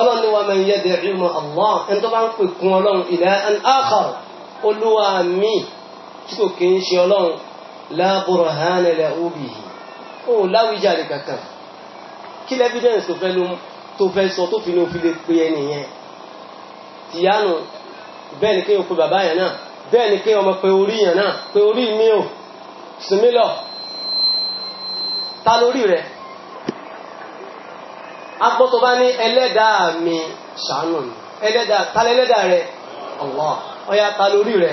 ọlọ́run ni wọ́n máa ń yẹ dẹ̀ rí mọ́ Allah ẹni tó bá ń pè kún ọlọ́run ila an akhar olúwa mi tí kò kí ń ṣe ọlọ́run la burhana lahu bihi ó láwíjàre kankan kí lẹ́fídẹ́ǹsì tó fẹ́ ló tó fẹ́ sọ tó fi ní òfin lè pe ẹni yẹn tìyánu bẹ́ẹ̀ ni kéèyàn pe bàbá yẹn náà bẹ́ẹ̀ ni kéèyàn ọmọ pe orí yẹn náà pe orí mi ò sinmi lọ ta lórí rẹ agbọ́tọ̀ bá ní ẹlẹ́dàá mi ṣàánú ẹlẹ́dàá ta lẹ́lẹ́dàá rẹ Allah ọ̀ya ta lórí rẹ.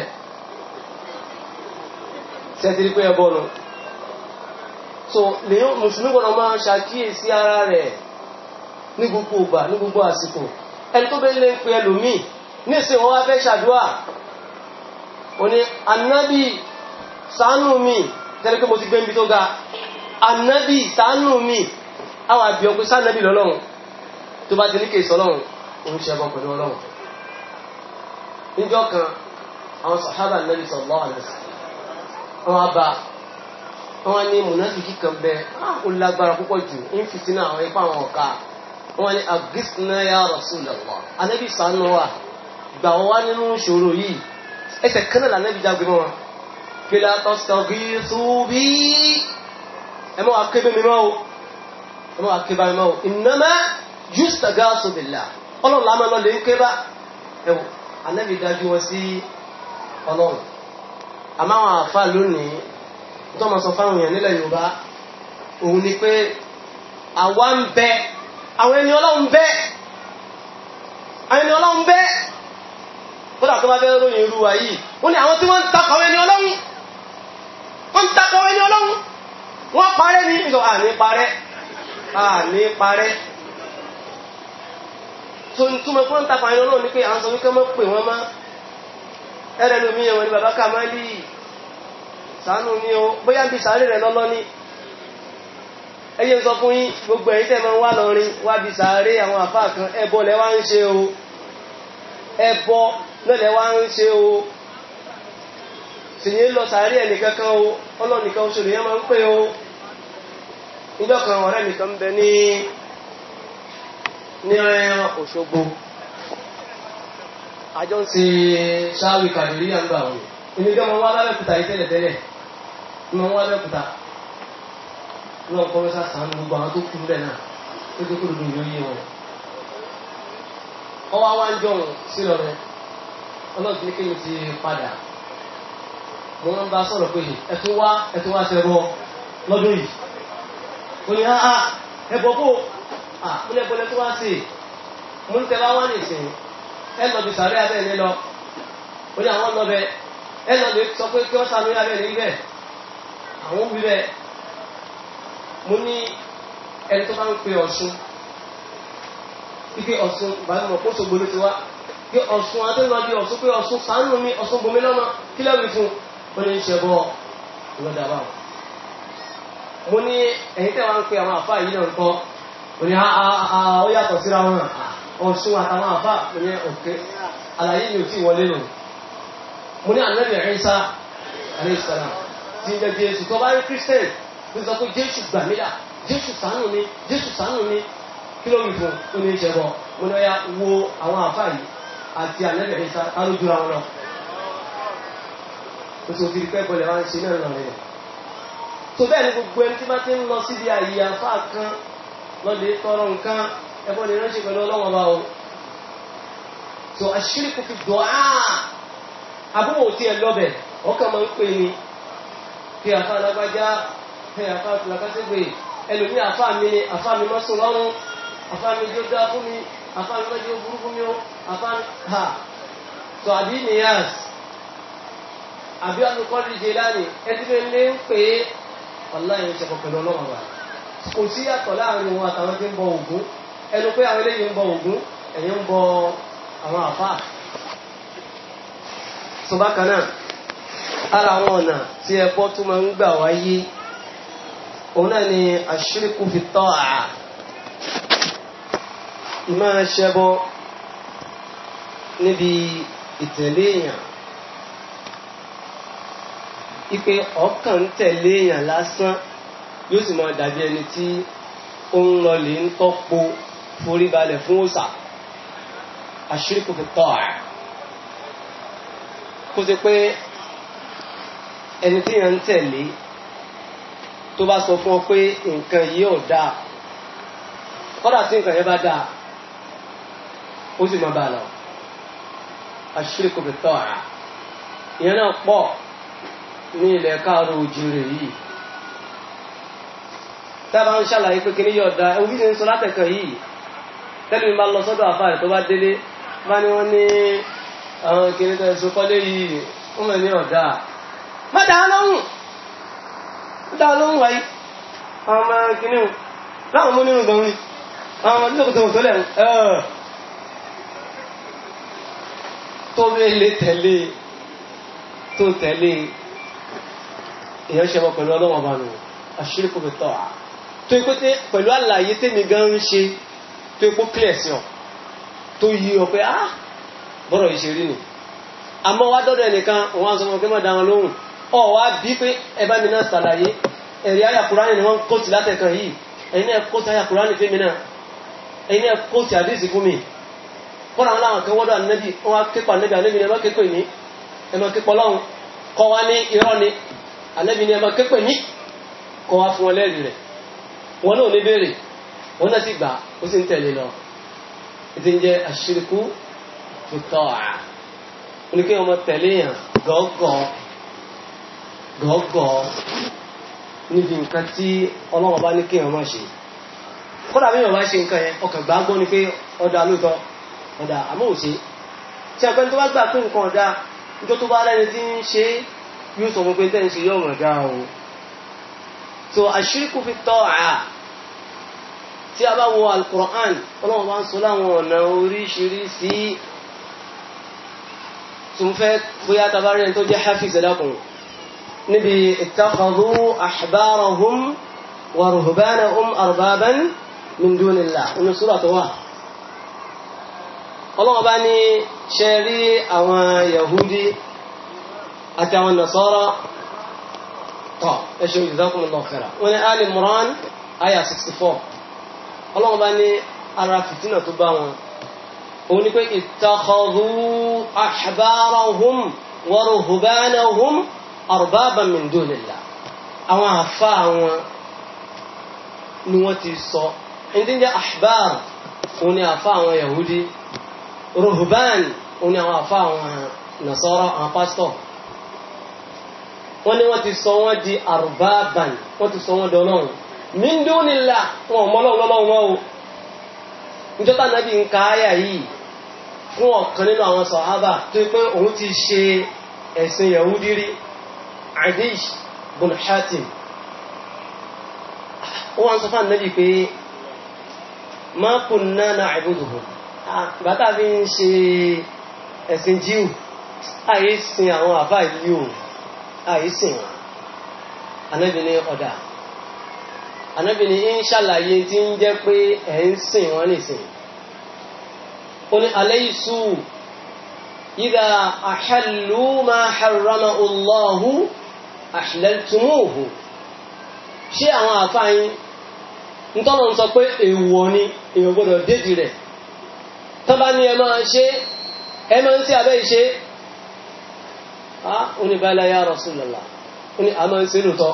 sẹ́tìrí pé ẹbọ so lèyàn mùsùlùmí gbọ́dọ̀ máa ṣàkíyèsí ara rẹ̀ ní gbogbo ìgbà ní gbogbo àsìkò ẹni tó bẹ́ẹ̀ lè ń pe ẹlòmíì ní ìsìn wọn wá fẹ́ ṣàdúrà mi tẹ́lẹ̀ pé mo ti gbé ga mi awa àbí ọkùnrin sánábì lọ́lọ́run tó bá wọn bá wọn ní mùnàfíkì kan bẹ ah, ó lágbára púpọ̀ jù ń fi sínú àwọn ipá àwọn ọ̀ka wọn ní agisna ya Rasulullah anabi sànù wa gbà wọn wá nínú ìṣòro yìí ẹsẹ̀ kan náà lànà ìjà gbẹmọ wọn fìlà tọ́sítọ́gìtù bí ẹ mọ́ akébé mi mọ́ o ẹ mọ́ akébé mi mọ́ o innama yustagasu billah ọlọ́run lè ń ké bá anabi dájú wọn sí ọlọ́run àmọ́ àwọn àfa lónìí tó máa sọ fáwọn èèyàn nílẹ̀ yorùbá òun ni pé àwa ń bẹ àwọn ẹni ọlọ́run bẹ àwọn ẹni ọlọ́run bẹ kódà tó bá fẹ́ ròyìn irú wa yìí ó ní àwọn tí wọ́n ń takọ̀ àwọn ẹni ọlọ́run wọ́n ń takọ̀ àwọn ẹni ọlọ́run wọ́n parẹ́ ní ìgbà àní parẹ́ àní parẹ́ tó ń túmọ̀ fún ń takọ̀ àwọn ẹni ọlọ́run ni pé à ń sọ wípé mọ́ pè wọ́n máa ere lómi nwere ní bàbá kàmáìlì sànú ní o bóyá ń bi sàárè rẹ̀ lọ́lọ́ ní ẹyẹ ń sọ fún yín gbogbo ẹ̀yin tẹ́ máa ń wá lọrin bi sàárè àwọn àfáà kan ẹbọ lẹ ń ṣe o ẹbọ lọ́lẹ̀ wá ń ṣe o sìnyín lọ sàárè kan o ọlọ́nìkan oṣù lèyàn máa ń pè o níjọ́ kan ọ̀rẹ́ nìkan ń bẹ ní àjọ ń ṣe ṣáàwì kàdìrí àgbà wọn èmi gbé wọn wá lábẹ́kúta yìí tẹ́lẹ̀ tẹ́lẹ̀ ni wọn wá lábẹ́kúta lọ́wọ́ kọ́ mẹ́sà sàánú gbogbo àwọn tó kú bẹ́ẹ̀ náà tó tó kúrò lóyún yé wọn. ọwọ́ wa ń jọ̀hún sí lọ́rẹ́ ọlọ́ọ̀tún ní kéwì ti padà mo ń bá sọ̀rọ̀ pé ẹ̀tún wá ẹ̀tún wá ṣẹbọ lọ́dún yìí ó ní áá ẹ̀bọ̀ kó à ó lẹ́bọ̀ lẹ́tún wá sí i mo ń tẹ bá wá ní ìsìn ẹ lọ bí sàárẹ̀ abẹ́ mi lọ ó ní àwọn lọ́bẹ̀ ẹ lọ bí sọ pé kí wọ́n sàmì abẹ́ mi bẹ́ẹ̀ àwọn wí bẹ́ẹ̀ mo ní ẹni tó bá ń pe ọ̀ṣun ike ọ̀ṣun bàbá kó sògbó ló ti wá pé ọ̀ṣun adéwà bí ọ̀ṣun pé ọ̀ṣun sàánù mi ọ̀ṣun bomi lọ́nà kí lẹ́wìn fún ó ní ṣe bọ́ ìlọ́dà bá wọn. mo ní ẹ̀yin tẹ́wàá ń pe àwọn àfáà yìí náà ń kọ́ ó ní ó yàtọ̀ síra wọn náà ọ̀ṣun àtàwọn àbá pẹ̀lú òkè àlàyé ni ò tí wọlé nù mo ní àlẹ́ rẹ̀ ẹ̀ṣá àlẹ́ ìsàlá tí ń jẹ jésù tó bá rí kírísítẹ́nì tó sọ pé jésù gbà mí là jésù ṣàánú mi jésù ṣàánú mi kí ló ń fún ó ní ìṣẹ̀bọ mo ní ọya wo àwọn àbá yìí àti àlẹ́ rẹ̀ ẹ̀ṣá ká ló dúra wọn lọ. o sì fi pẹ́ bọ̀lẹ̀ wá ń ṣe náà lọ́rẹ̀ tó bẹ́ẹ̀ ni gbogbo ẹni tí bá ti ń lọ síbi àyè àfáà kan lọ́dẹ tọrọ nǹkan ẹbọ ni ránṣẹ́ pẹ̀lú ọlọ́wọ́n bá o so àṣírìkù fi dùn á abúmọ̀ òtí ẹ lọ́bẹ̀ ọkàn máa ń pè ní kí àfa alágbájá kí àfa àtúlákásẹ́gbè ẹlòmí àfa mi ni àfa mi má sùn lọ́rùn àfa mi jó dá fún mi àfa mi má jó burú fún mi o àfa ha so àbí nìyàs àbí alukọ́dì jẹ́láni ẹtìlẹ́ ní ń pè é ọ̀la ìrìnsẹ̀ pẹ̀lú ọlọ́wọ́n bá kò sí yàtọ̀ láàrin wọn àtàwọn tí ń bọ Ògún ẹnu pé àwọn eléyìí ń bọ Ògún ẹ̀yin ń bọ àwọn àfáà tó bákan náà ara àwọn ọ̀nà tí ẹbọ tó máa ń gbà wáyé òun náà ni àṣírìkù fi tọ́ à ṣẹbọ níbi ìtẹ̀lé èèyàn ipe ọkàn ń tẹ̀lé èèyàn lásán yóò sì máa dàbí ẹni tí ó ń lọlé forí balẹ̀ fún òòṣà àṣírìkù fi tọ́ ẹ̀ pé ẹni tí yẹn ń tẹ̀lé tó fún ọ pé nǹkan yìí ò dáa kọ́dà tí nǹkan yẹn bá lọ ilẹ̀ yìí ń ṣàlàyé pé kí ni yọ̀ọ̀dá ń sọ látẹ̀kọ̀ tẹ́lẹ̀ mi bá lọ sọ́dọ̀ àfa rẹ̀ tó bá délé bá ní wọ́n ní àwọn kiri tó ẹ̀sùn kọ́lé yìí ó mọ̀ ní ọ̀dà má dàá lóhùn má dàá lóhùn wáyé àwọn ọmọ kìíní o láwọn mú nínú gan-an àwọn ọmọ nílòkòtò tó lẹ̀ tó lé tẹ̀lé tó tẹ̀lé èèyàn ṣe mọ́ pẹ̀lú ọlọ́wọ́ bá nù àṣírí kò fi tọ̀ à tó ikú pẹ̀lú àlàyé tèmi gan ń ṣe tó epo clear sí ọ tó yí ọ pé ah bọ́rọ̀ yìí ṣe rí ni àmọ́ wá dọ́dọ̀ ẹnìkan òun àti ọmọ kí wọ́n wọn lóhùn ọ wá bí pé ẹ bá mi náà ṣàlàyé ẹ̀rí ayàkùránì ni wọ́n ń kóòtù látẹ̀kan yìí ẹ̀yin náà kóòtù ayàkùránì fún mi náà ẹ̀yin náà kóòtù àdéhìsì fún mi kọ́ra wọn láwọn kan wọ́dọ̀ ànábì wọn wá képa ànábì ànábì ni ẹ má képa èmi ẹ má képa ọlọ́run kọ́ wá ní irọ́ ni ànábì ni ẹ má képa èmi kọ́ wá fún wọn lẹ́rìí rẹ̀ wọn náà ní béèrè òun náà sì gbà ó sì ń tẹ̀lé lọ ètò ń jẹ́ àṣírikú fìtọ́ à oníkẹ́ ọmọ tẹ̀lé yàn gọ́gọ́ gọ́gọ́ níbi nǹkan tí ọlọ́wọ́ bá ní kí ọmọ ṣe kódà bí ọmọ ṣe nǹkan yẹn ọkàn gbàgbọ́ ni pé ọ̀dà lóòótọ́ ọ̀dà àmọ́ òṣè tí ọ̀pẹ́ni tó bá gbà pé nǹkan ọ̀dà níjọ́ tó bá rẹ́ni tí ń ṣe yóò sọ fún pé tẹ́ ń ṣe yọ̀ ọ̀rọ̀ dáa o so àṣírikú fìtọ́ à tí a bá wo alukur'an ọlọ́run bá ń sọ láwọn ọ̀nà oríṣiríṣi tún fẹ́ bóyá tabarí ẹni tó jẹ́ hafiz ẹ̀dàkùn níbi ittakhadhu ahbarahum wa ruhbanahum arbaban min dunillah inú súrà tó wà ọlọ́run bá ní ṣe rí àwọn yahudi àti àwọn nasara tọ́ ẹ̀ṣọ́ ìzákùnmọ́ lọ́kẹ̀rà wọ́n ní Ali Imran aya 64 ọlọ́run bá ní ara fìtínà tó bá wọn òun ni pé ittakhadhu ahbarahum wa ruhbanahum arbaban min dunillah àwọn àfa àwọn ni wọ́n ti sọ ẹni tí ń jẹ́ ahbar òun ni àfa àwọn yahudi ruhban òun ni àwọn àfa àwọn nasara àwọn pásítọ̀ wọ́n ní wọ́n ti sọ wọ́n di arbaban wọ́n ti sọ wọ́n dọ́lọ́run min dunillah wọn wọn o njọta nàbí nka ka yìí fún ọ̀kan nínú àwọn sọ̀hábà tó pé òun ti ṣe ẹ̀sìn yahudi rí adish sọ fún pé bàtà fi ń ṣe jíù àwọn yìí o ànábì ni ń ṣàlàyé tí ń jẹ́ pé ẹ̀ ń sìn wọ́n nìsìn ó ní alaysu idha ahallu ma harrama Allahu ahlaltumuhu ṣé àwọn àfáyín ntọ́nà ń sọ pé èèwọ̀ ni èèyàn gbọ́dọ̀ déjì rẹ̀ tó bá ní ẹ máa ṣe ẹ máa ń sí abẹ́ ìṣe á oníbàálẹ̀ ya Rasulullah ó ní a máa ń ṣe lóòótọ́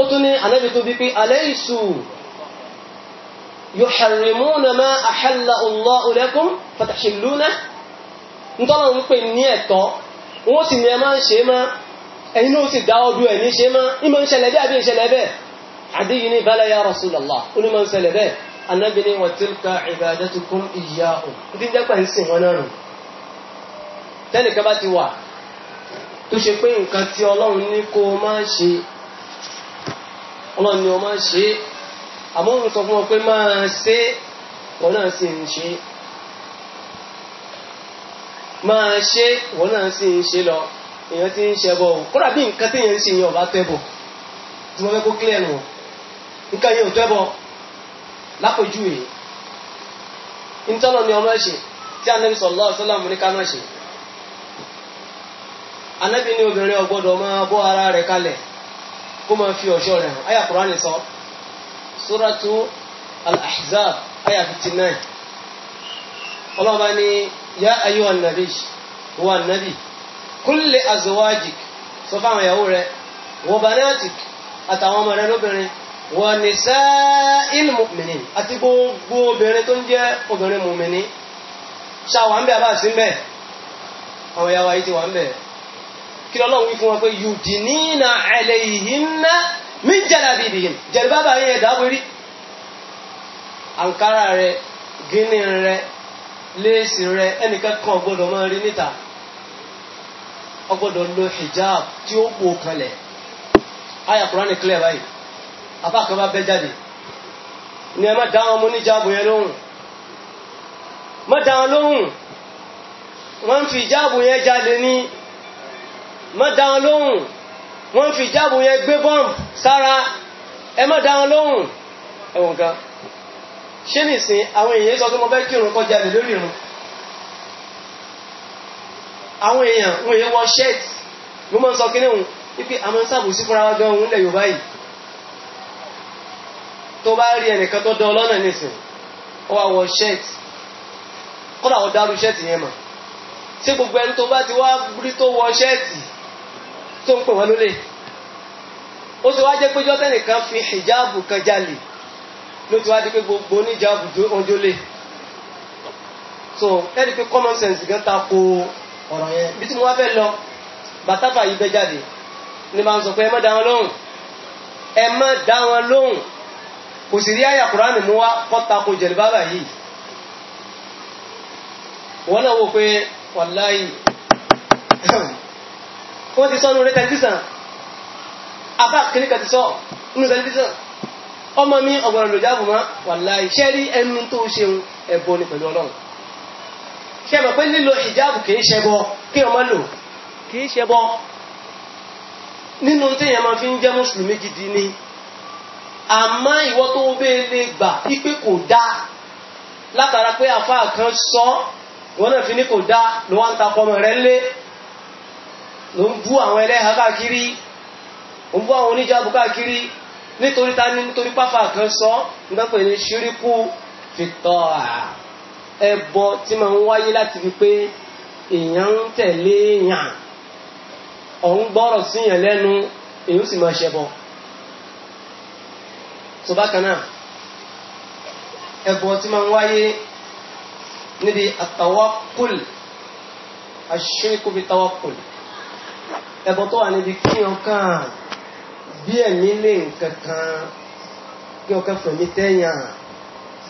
ó tún ní anábì tó bí pé alaysu yuharrimuna ma ahalla Allahu lakum fatahilluna ntọ́nà ń pè ní ẹ̀tọ́ wọ́n sì ní ẹ máa ń ṣe máa ẹ̀yin náà sì dá ọdún ẹ̀ ní ṣe máa ní máa ń ṣẹlẹ̀ bẹ́ẹ̀ àbí ń ṣẹlẹ̀ bẹ́ẹ̀ àdéyìn ní bala ya Rasulullah ó ní máa ń ṣẹlẹ̀ bẹ́ẹ̀ anábì ní wa tilka ibadatukum iyyahum títí ń jẹ́pà ń sìn wọn náà nù tẹ́nìkan bá ti wà tó ṣe pé nǹkan tí Ọlọ́run ní kó máa ṣe ọlọ́run ni wọ́n máa ń ṣe é àmọ́ òun sọ fún wọn pé máa ṣe é wọ́n náà sì ń ṣe é máa ṣe é wọ́n náà sì ń ṣe lọ èèyàn ti ń ṣe bọ̀ ọ́ kódà bí nǹkan téèyàn ń ṣe yẹn ọba tẹ́ bọ̀ tí wọ́n fẹ́ kó clear nù nǹkan yẹn ò tẹ́ bọ̀ lápòjú yìí ni ọmọ ẹ̀ṣẹ̀ tí anabi sallallahu alaihi wasallam ní kánú anabi ní obìnrin ò máa bọ́ ara rẹ̀ kalẹ̀ kó máa fi ọ̀ṣọ́ rẹ̀ hàn àyà kùránì sọ suratu al-ahzab àyà fifty nine ọlọ́run bá ní yá ayyuhan nabi wà nàbì kul li azwajik sọ fáwọn ìyàwó rẹ̀ wa banatik àtàwọn ọmọ rẹ̀ lóbìnrin wa nisa'il mu'minin àti gbogbo obìnrin tó ń jẹ́ obìnrin mùmìnì ṣáà wà ń bẹ̀ àbá ń bẹ̀ àwọn ìyàwó ayé ti wà ń bẹ̀ kí lọ́lọ́run wí fún wọn pé yudinina alayhinna min jalabibihin jẹ̀lúbábà yẹn ẹ̀dá wérí àǹkárá rẹ gíní rẹ léèsì rẹ ẹnìkan kan ọgbọ́dọ̀ máa rí níta ọgbọ́dọ̀ lo hijab tí ó kú kalẹ̀ aya Kùránì clear báyìí kan bá bẹ́ jáde ni ẹ má dá wọn mú yẹn lóhùn má dá wọn lóhùn wọn fi yẹn jáde má dá wọn lóhùn wọ́n fi ìjáàbù yẹn gbé bọ́m̀bù sára ẹ má dá wọn lóhùn ẹ̀wọ̀n kan ṣé nìsín àwọn èèyàn sọ pé mo fẹ́ kírun kọjá lè lórí irun àwọn èèyàn wọn èèyàn wọ ṣẹ́ẹ̀tì mo máa ń sọ kí níhùn wípé àwọn sábòsí fúnra wa gan òun lẹ̀ Yorùbá yìí tó bá rí ẹnìkan tó dán ọlọ́nà nìsín ó wá wọ ṣẹ́ẹ̀tì kọ́dà ó dárú ṣẹ́ẹ̀tì yẹn mà ṣé gbogbo ẹni tó bá ti wá rí tó wọ ṣẹ́ẹ̀tì tó ń pè wọ́n lólè ó ti wá jẹ́ pé jọ́tẹ́ nìkan fi hijabu kan jalè ló ti wá di pé gbogbo oníjàbù oúnjẹ lè so ẹni pé common sense gan ta ko ọ̀rọ̀ yẹn bí tí mo wá fẹ́ lọ bàtàfà yìí bẹ́ jáde ní máa ń sọ pé ẹ má dá wọn lóhùn ẹ má dá wọn lóhùn kò sì rí àyà kùránì mú wá kọ́ta ko jẹ̀lú bàbà yìí wọ́n náà wò pé wàláyì wọ́n ti sọ nínú tẹlifíṣàn àbá kìnnìkà ti sọ nínú tẹlifíṣàn ọmọ mi ọ̀gbọ̀n lò jáàbù mọ́ wàláhì iṣẹ́ rí ẹnu tó ṣeun ẹ̀bọ ni pẹ̀lú ọlọ́run ṣe mọ̀ pé lílo ìjáàbù kìí ṣẹbọ kí ọmọ lò kìí ṣẹbọ nínú tí èèyàn máa fi ń jẹ́ mùsùlùmí gidi ni àmọ́ ìwọ tó ń bẹ́ẹ̀ lè gbà pípé kò dáa látara pé àfáà kan sọ wọn náà fi ní kò dáa ló wá ń ta ọmọ rẹ lé ló ń bú àwọn ẹlẹ́ha káàkiri ó ń bú àwọn oníjàbù káàkiri nítorí ta ni nítorí pápá kan sọ nígbà pé ní ṣíríkù fi tọ́ à ẹbọ tí máa ń wáyé láti fi pé èèyàn ń tẹ̀lé èèyàn ọ̀hún gbọ́rọ̀ síyàn lẹ́nu èyí sì máa ṣẹbọ tó bákan náà ẹbọ tí máa ń wáyé níbi àtàwákùl àṣíríkù fi tàwákùl ẹbọ tó wà níbi kí ọkàn bí ẹ̀mí lè nǹkan kan kí ọkàn fẹ̀mí tẹ̀yàn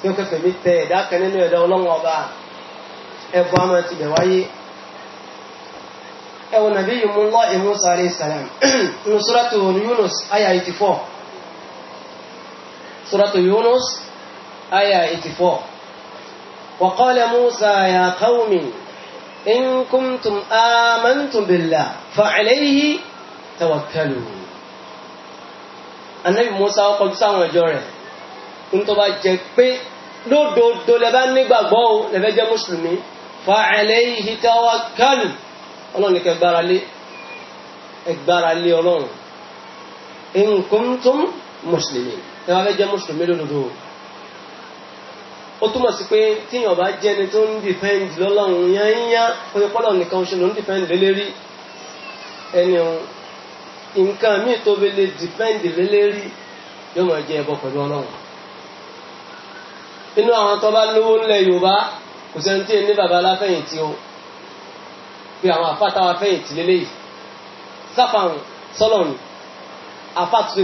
kí ọkàn fẹ̀mí tẹ ẹ̀dá kan nínú ẹ̀dá ọlọ́wọ́n ọba ẹbọ àmọ́ ti bẹ̀ wáyé ẹwọ nàbí ìmúlọ́ ìmúsà alayhi salam inú suratu Yunus Aya 84 suratu Yunus Aya 84 wa qala Musa ya qawmi in kuntum amantum billah fa alayhi tawakkalu anabi musa kọjú sáwọn ìjọ rẹ̀ in tó bá jẹ́ pé lódodo lẹ́bá nígbàgbọ́ o lẹ́bẹ́ jẹ́ mùsùlùmí fa alayhi tawakkalu ọlọ́run ní kẹgbára lé ẹgbára lé ọlọ́run in kuntum muslimin lẹ́bá fẹ́ jẹ́ mùsùlùmí lódodo o ó túmọ̀ sí pé tíyàn bá jẹ́ ẹni tó ń dìfẹ́ǹdì lọ́lọ́run yányá oye pọ́lọ̀ nìkan ṣe ló ń dìfẹ́ǹdì lélẹ́rí ẹni ohun nǹkan míì tó fi lè dìfẹ́ǹdì lélẹ́rí yóò máa jẹ ẹbọ pẹ̀lú ọlọ́run inú àwọn tó bá lówó ńlẹ̀ yorùbá kò sẹ́ni tí ní bàbá aláfẹ̀yìntì o pé àwọn àfáàtà afẹ̀yìntì lélẹ́yìí sáfàrùn sọ́lọ̀nù àfáàtúnṣe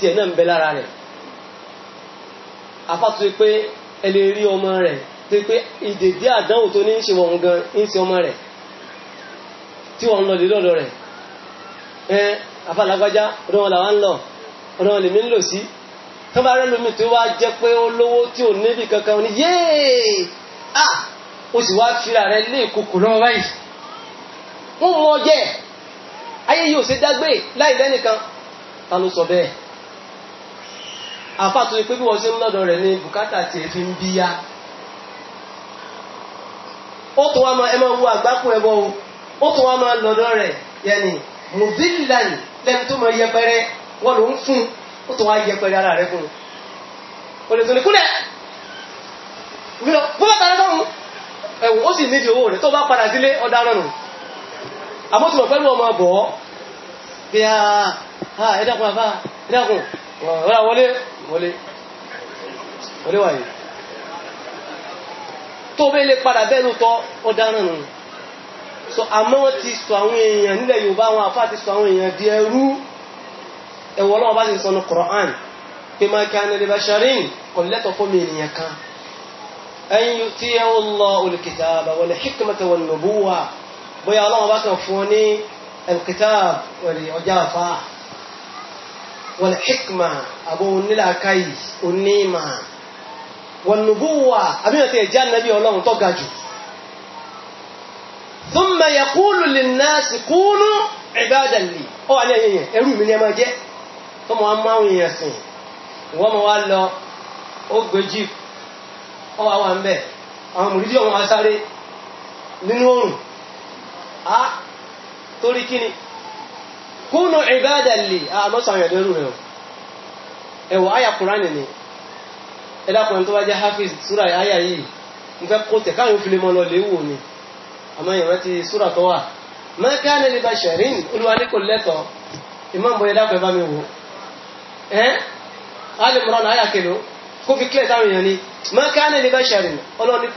gan-an afáàtò pé ẹ lè rí ọmọ rẹ̀ tó pé ìdèdè àdánwò tó ní ń ṣe wọn gan ń ṣe ọmọ rẹ̀ tí wọ́n ń lọ lélọ́dọ̀ rẹ̀ ẹ afáàlágbájá ọ̀dọ̀ wọn làwọn ń lọ ọ̀dọ̀ wọn lèmi ń lò sí tó bá rẹ́ lómi tó wá jẹ́ pé ó lówó tí ò níbi kankan ní yéè à ó sì wá fira rẹ̀ lé ìkòkò lọ́wọ́ báyìí wọ́n mú ọ jẹ́ ayé yìí ò ṣe dágbé láì lẹ́nìkan ta ló sọ bẹ́ẹ̀ àfà tó yẹ pé bí wọ́n ṣe ń lọ́dọ̀ rẹ̀ ní bùkátà tí èfi ń bí ó tún wá máa ẹbọ o ó tún wá máa lọ́dọ̀ rẹ̀ yẹnì mùdílàn lẹ́nu tó máa yẹpẹrẹ wọ́n ló ń fún ó tún wá yẹpẹrẹ ara rẹ̀ fún un ó kúlẹ̀ bó bá tara ẹ̀wọ̀n ó sì owó rẹ̀ tó bá padà sílé nù àmọ́ tí mo fẹ́ ọ̀rọ̀ wọlé wọlé wọlé wáyé tó bẹ́ lè padà bẹ́ẹ̀ lóòótọ́ ó nù so àmọ́ wọ́n ti sọ àwọn èèyàn nílẹ̀ Yorùbá àwọn àfáà ti sọ àwọn èèyàn di ẹrú ẹ̀wọ̀ ọlọ́wọ́ bá ti sọ ní Qur'an pé máa kí anẹ́lẹ́ bá ṣarín kò lẹ́tọ̀ fún mi ènìyàn kan ẹ̀yìn tí ẹ ó lọ al-kitab wal-hikmata wan bóyá ọlọ́wọ́ bá kàn fún ọ ní al ọjà àfáà wal hikma àbò onílàákàyè onímà wan nubuwa àbíyàn ti ẹ̀já nàbí ọlọ́run tó ga jù. thumma yaqulu linnasi kunu ibadan li ọ wà ní ẹ̀yẹ yẹn ẹrú mi ni ẹ máa jẹ́ tó mọ̀ á máa ń yẹn sìn lọ ó gbé jíìpù ọ wà wà ń bẹ̀ àwọn mùrídìí ọ̀hún asáré nínú oòrùn á torí kúnù a lè àmọ́sàn ẹ̀dọ́ rú rẹ̀ ẹ̀wọ̀ aya kùránì ni ẹ̀dàkùnrin tó bá jẹ́ hafiz súra àyà yìí ń ni ti súra tó wà ma kana li basharin olúwa ní kò lẹ́tọ̀ imam bóyá dákùn ẹ̀ bá mi wò ẹ́ Al-Imran àyà kìló fi ni ma kana li basharin mi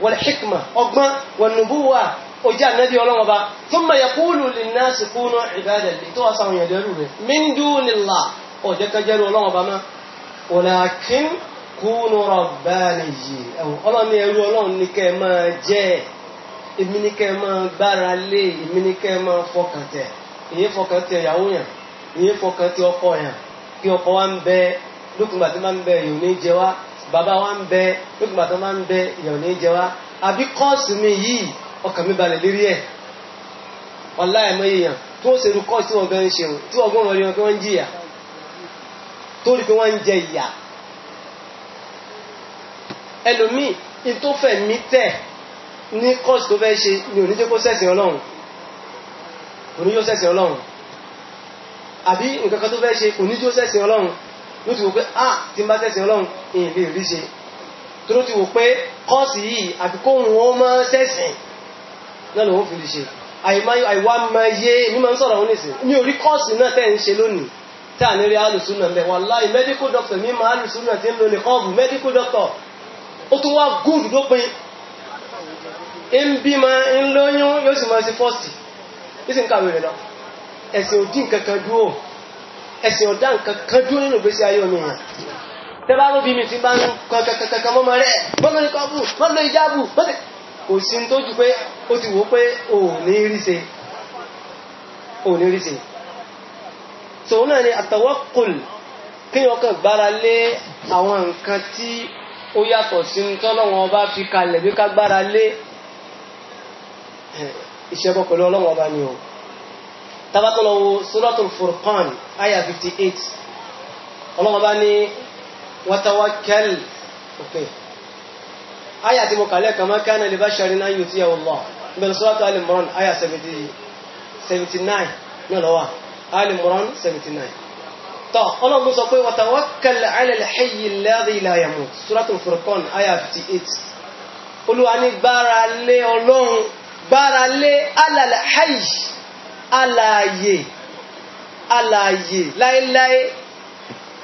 والحكمة أقمى والنبوة وجاء النبي ولما ثم يقول للناس كونوا عبادا لي تواصلوا يدرون من دون الله وجاك جلوا ولما ولكن كونوا ربانيين ọlọ́run ní ẹrú ọlọ́run ní kẹ́ ẹ máa jẹ́ èmi ní kẹ́ ẹ máa gbára lé èmi ní kẹ́ ẹ máa fọkàn tẹ̀ èyí fọkàn tẹ̀ ìyàwó yàn èyí fọkàn tẹ̀ ọkọ yàn kí ọkọ wa ń bẹ lókùnbà tí máa ń bẹ yòó ní jẹ wá bàbá wa ń bẹ lókè bàtà máa ń bẹ ìyàwó ní jẹ wa àbí kọ́ọ̀sì mi yìí ọkàn mi balẹ̀ lérí ẹ̀ ọ̀la ẹ̀mọ èèyàn tí wọ́n ṣerú kọ́ọ̀sì tí wọ́n gan ń ṣeun tí wọ́n gbọ́n wọn wọn jìyà tó pé wọ́n ń jẹ ìyà ẹlòmíì ìtòfẹ́ mi tẹ̀ ní kọ́ọ̀sì tó fẹ́ ṣe ni ò ní jẹ́ kó sẹ̀sìn ọlọ́run kò ní yóò sẹ̀sìn ọlọ́run àbí nǹkan kan tó fẹ́ ṣe kò ní yóò sẹ̀sìn ọlọ́run ló ti wò pé ah tí n bá sẹ̀sìn ọlọ́run èlé ríṣe tó ti wò pé kọ́ọ̀sì yìí àfi kó wọn mọ́ sẹ́sìn náà lòun fi lè ṣe àìwá máa yé èmi máa ń sọ̀rọ̀ òun nìsín mi ò rí kọ́ọ̀sì náà tẹ́ ń ṣe lónìí tá à ní rí alùsùnà mẹ́ wàláì medical doctor mi máa alùsùnà ti ń lo nìkan ọ̀bù medical doctor ó tún wá gúùdù dópin ń bímọ ń lóyún yóò sì máa ṣe fọ́ọ̀sì yóò sì ń kàwé rẹ̀ lọ ẹ̀sìn òdì nǹkan kan dúró ẹ̀sìn ọ̀dá nǹkan kan dúró nínú ìgbésí ayé omi yẹn tẹ́bá ló bí mi sí bá ń kankankankan mọ́mọ́ rẹ̀ mọ́mọ́ ní kọ́bù mọ́mọ́ ìjábù kò sí tó ju pé ó ti wò pé ò ní rí ṣe ò ní rí ṣe so náà ni àtàwọ́kùn kí wọ́n kàn gbára lé àwọn nǹkan tí ó yàtọ̀ sí tọ́lọ́wọ́n ọba fi kalẹ̀ bí ká gbára lé ìṣẹ́bọ̀ pẹ̀lú ọlọ́wọ́n ọba ni o tabatọ́lọ́wọ́ Suratul Furqan aya 58 ọlọ́wọ́n ọba ní watawakkal okay aya tí mo kàlẹ̀ kama kana li basharin an yutiya Allah bẹ̀rẹ̀ suratu al-imran aya 79 ní ọlọ́wà al-imran 79 tọ́ ọlọ́gbọ́n sọ pé watawakkal ala al-hayyi alladhi la yamut suratul furqan aya 58 olúwa ní gbára lé ọlọ́run gbára lé ala al-hayy alààyè alààyè láéláé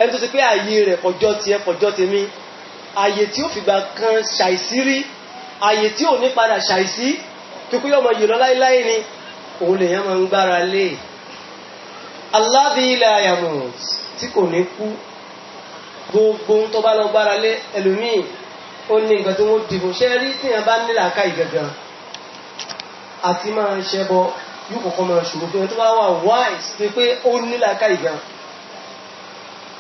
ẹni tó ṣe pé ààyè rẹ̀ kọjọ́ tiẹ̀ kọjọ́ tèmi ààyè tí ó fìgbà kan ṣàìsí rí ààyè tí ò ní padà ṣàìsí kíkú yóò mọ yìlọ láéláé ni òun lèèyàn máa ń gbára lé Alladhi la yamut tí kò ní kú gbogbo tó bá lọ gbára lé ẹlòmíì ó ní nǹkan tí wọ́n dìbò ṣe rí tíyàn bá nílà ká ìgangan àti máa ṣẹbọ yóò kọ̀kọ́ máa ṣòro fún ẹ tó bá wà wáìsì pé ó nílà ká ìgangan.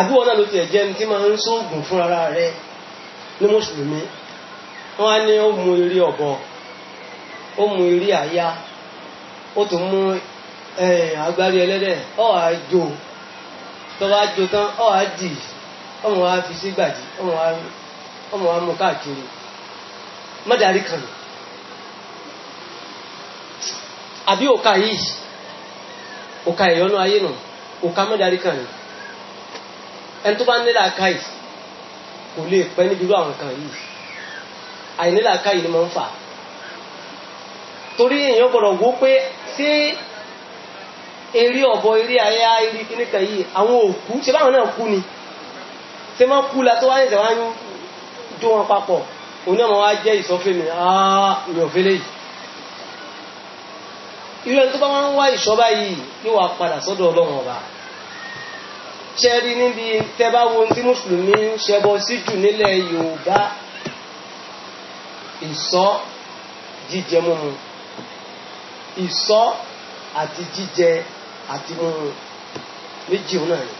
àbí wọn náà ló ti ẹ̀jẹ̀ tí máa ń sóògùn fún ara rẹ ní mùsùlùmí wọn á ní ó mu eré ọ̀bọ ó mu eré àyà ó tún mú agbárí ẹlẹ́dẹ̀ ọ̀ á jò tó bá jò tán ọ̀ á dì ọmọ wa fi sí gbàdí ọmọ wa mú káàkiri mọ́dàrí kan àbí ẹni tó bá nílà káyì kò lè pẹ́ níbi irú àwọn nǹkan yìí àìnílà káyì ni máa ń fà torí èèyàn gbọ́dọ̀ wó pé ṣé eré ọ̀bọ eré ayá eré kíníkan yìí àwọn òkú ṣe báwọn náà kú ni ṣe máa kú la tó wáyé ṣe wáyé jó wọn papọ̀ òun náà wá jẹ́ ìsọfúnni àá ìyànfẹ́lẹ́ yìí irú ẹni tó bá wọn ń wá ìṣọ́bá yìí yóò wá padà sọ́dọ̀ ọlọ́run ọba ṣẹ́rí níbi tẹ́bá wo tí mùsùlùmí ń ṣẹbọ sí jù nílẹ̀ yorùbá ìsọ́ jíjẹ mímu ìsọ́ àti jíjẹ àti mímu méjì náà ni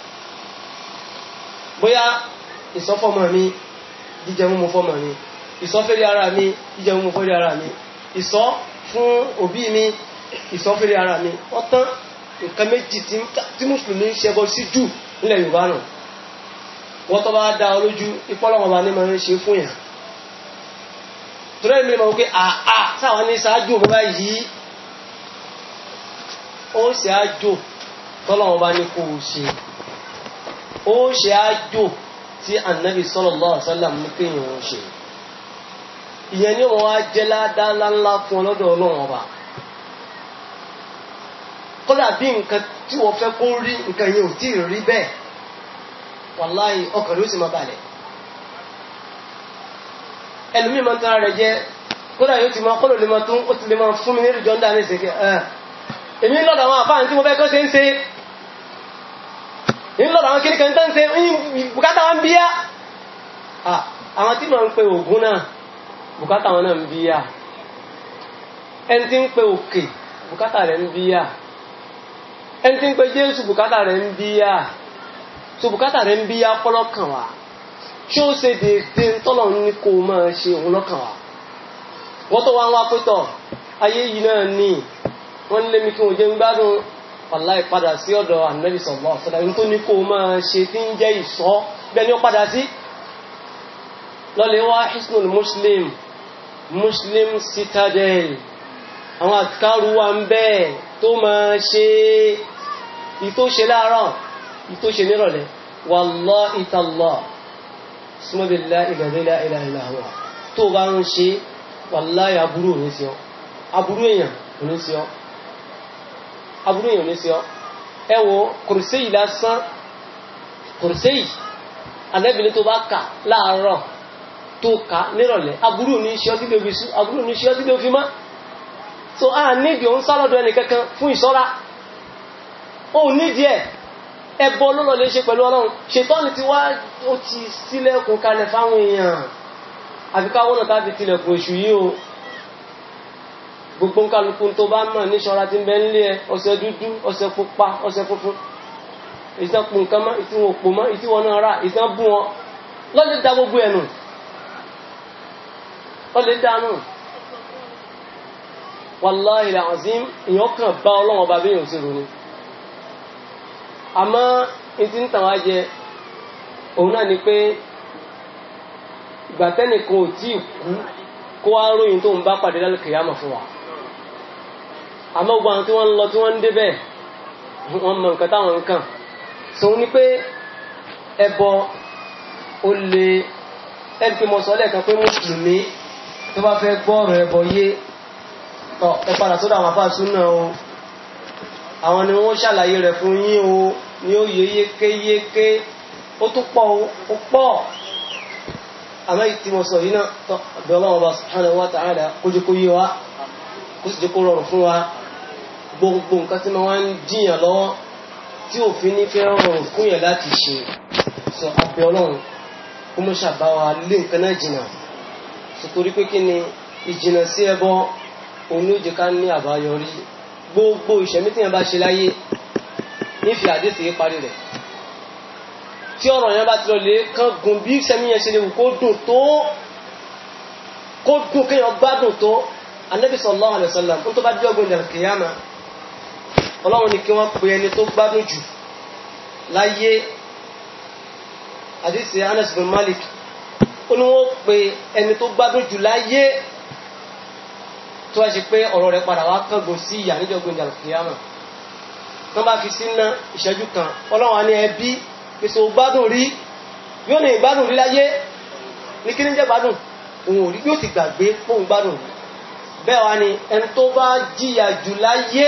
bóyá ìsọ́ fọ́mọ mi jíjẹ mímu fọ́mọ mi ìsọ́ fẹ́rẹ́ ara mi jíjẹ mímu fẹ́rẹ́ ara mi ìsọ́ fún òbí mi ìsọ́ ara mi ọ̀tán nǹkan méjì tí mùsùlùmí ń ṣẹbọ sí Si nílẹ̀ yorùbá nù wọ́n tó bá dá ọ lójú ìpọ́lọ́wọ́n bá ní máa ń ṣe fún yàn torí ẹ̀mí ma wọ́n pé àà sáwọn ní ṣáájú bàbá yìí ó ṣe àjò tọ́lọ́wọ́n bá ní kó ṣe ó ṣe àjò tí ànábì sallallahu alaihi wasallam ní kéèyàn ó ṣe ìyẹn ni wọn á jẹ́ ládá ńláńlá fún ọlọ́dọ̀ ọlọ́wọ́n ọba bí nǹkan tí wọ́n fẹ́ kó rí nǹkan yẹn ò tí ì rí bẹ́ẹ̀ wàláì ọkàn ló sì máa balẹ̀ ẹlòmíì máa ń rẹ̀ jẹ kódà yóò ti máa kọ́lò máa tún ó ti lè máa fún mi ní ìrìjọ́ ńdá ní ìsèké èmi ń lọ́dọ̀ àwọn àfáàní tí mo fẹ́ kọ́ ẹni tí ń pe jésù bùkátà rẹ̀ ń bíyà so bùkátà rẹ̀ ń bíyà pọ́lọ́kàn wa tí ó ṣe déédéé tọ́lọ̀ ní kó máa ṣe òun lọ́kàn wa wọ́n tó wá ń wá pétọ̀ ayé yìí náà ní wọ́n ń lé mi kí wọ́n jẹ́ ń gbádùn ọ̀la ìpadà sí ọ̀dọ̀ ànábì sọ̀gbọ́n ọ̀sọ̀dà ní tó ní kó máa ṣe tí ń jẹ́ ìṣọ́ bẹ́ẹ̀ ni ó padà sí lọ́lẹ̀ wá hisnul muslim muslim citadel àwọn àtikárù wa ń bẹ́ẹ̀ tó máa ṣe é ìtò ṣe láàárọ̀ ìtò ṣe nírọ̀lẹ́ wallahi tallahi súnmọ́bìlá ìgbàdélá ìlànà àwọn tó bá ń ṣe wallahi aburú òní sí ọ aburú èèyàn òní sí ọ aburú èèyàn òní sí ẹ wo kùrùsẹ́yì lásán kùrùsẹ́yì alẹ́bìnrin tó bá kà láàárọ̀ tó kà nírọ̀lẹ́ aburú òní ṣe ọ títí òbí aburú òní ṣe ọ títí òfin so a níbi òun sálọ́dọ̀ ẹnì kankan fún ìṣọ́ra ó nídìí ẹ̀ ẹbọ ló lọ lè ṣe pẹ̀lú ọlọ́run ṣètọ́ni ti wá ó ti sílẹ̀kùn kalẹ̀ fáwọn èèyàn àfi káwọn náà táfi tilẹ̀kùn èṣù yìí o gbogbo nkálukú tó bá mọ̀ ní ṣọ́ra ti ń bẹ́ nílé ẹ ọṣẹ dúdú ọṣẹ pupa ọṣẹ funfun ìtàn pò nǹkan mọ́ ìtì wọn pò mọ́ ìtì wọn náà rà ìtàn bù wọn lọ́lẹ̀ da gbogbo ẹ̀ nù lọ́lẹ̀ da nù wàláhìlà azim èèyàn kàn bá ọlọ́run ọba bí èèyàn ò sí ronú àmọ́ etí ń tàn wá jẹ òun náà ni pé ìgbà tẹ́nìkan ò tí ì kú kó wá ròyìn tó ń bá pàdé lálùkìyàmọ̀ fún wa àmọ́ gbogbo àwọn tí wọ́n ń lọ tí wọ́n ń débẹ̀ wọ́n mọ nǹkan táwọn ń kàn so ní pé ẹbọ ó lè ẹni pé mo sọ lẹ́ẹ̀kan pé mùsùlùmí tó bá fẹ́ gbọ́ ọ̀rọ̀ ẹbọ yé ẹ padà sódà àwọn afáàsú náà o àwọn ni wọ́n ṣàlàyé rẹ̀ fún yín o ní ó yé yékéyéké ó tún pọ̀ ó pọ̀ àmọ́ ìtì mo sọ yìí náà tọ́ ọ̀dọ̀ ọlọ́run ọba subhanahu wa ta'ala kójú kó yé wa kó sì jẹ́ kó rọrùn fún wa gbogbo nǹkan tí wọ́n ń dìyàn lọ́wọ́ tí òfin ní fẹ́ rọrùn fún yàn láti ṣe sọ abẹ ọlọ́run kó mọ́ ṣàbáwa lé nǹkan náà jìnnà sọ torí pé kí ni ìjìnnà sí ẹbọ onú ìjìká ní àbáyọrí gbogbo ìṣẹ̀mí tí yẹn bá ṣe láyé nífi àdéṣe yẹn parí rẹ̀ tí ọ̀rọ̀ yẹn bá ti lọ lè kán gun bí ìṣẹ̀mí yẹn ṣe lè wù kó dùn tó kó dùn kéèyàn gbádùn tó anabi sallallahu alayhi wa sallam n tó bá dé ọgbìn ìdàrú kìyàmà ọlọ́run ni kí wọ́n pe ẹni tó gbádùn jù láyé àdéṣe Anas bin Malik ó ní wọ́n pe ẹni tó gbádùn jù láyé tó wá ṣe pé ọ̀rọ̀ rẹ̀ padà wá kángun sí ìyà níjọ́gbìn ìjàlùkìyàmọ̀ tó bá fi sí ná ìṣẹ́jú kan ọlọ́run á ní ẹbí pèsè ògbádùn rí yóò ní ìgbádùn rí láyé ní kí ní jẹ́ gbádùn òun ò rí yóò ti gbàgbé fóun gbádùn rí bẹ́ẹ̀ wá ni ẹni tó bá jìyà jù láyé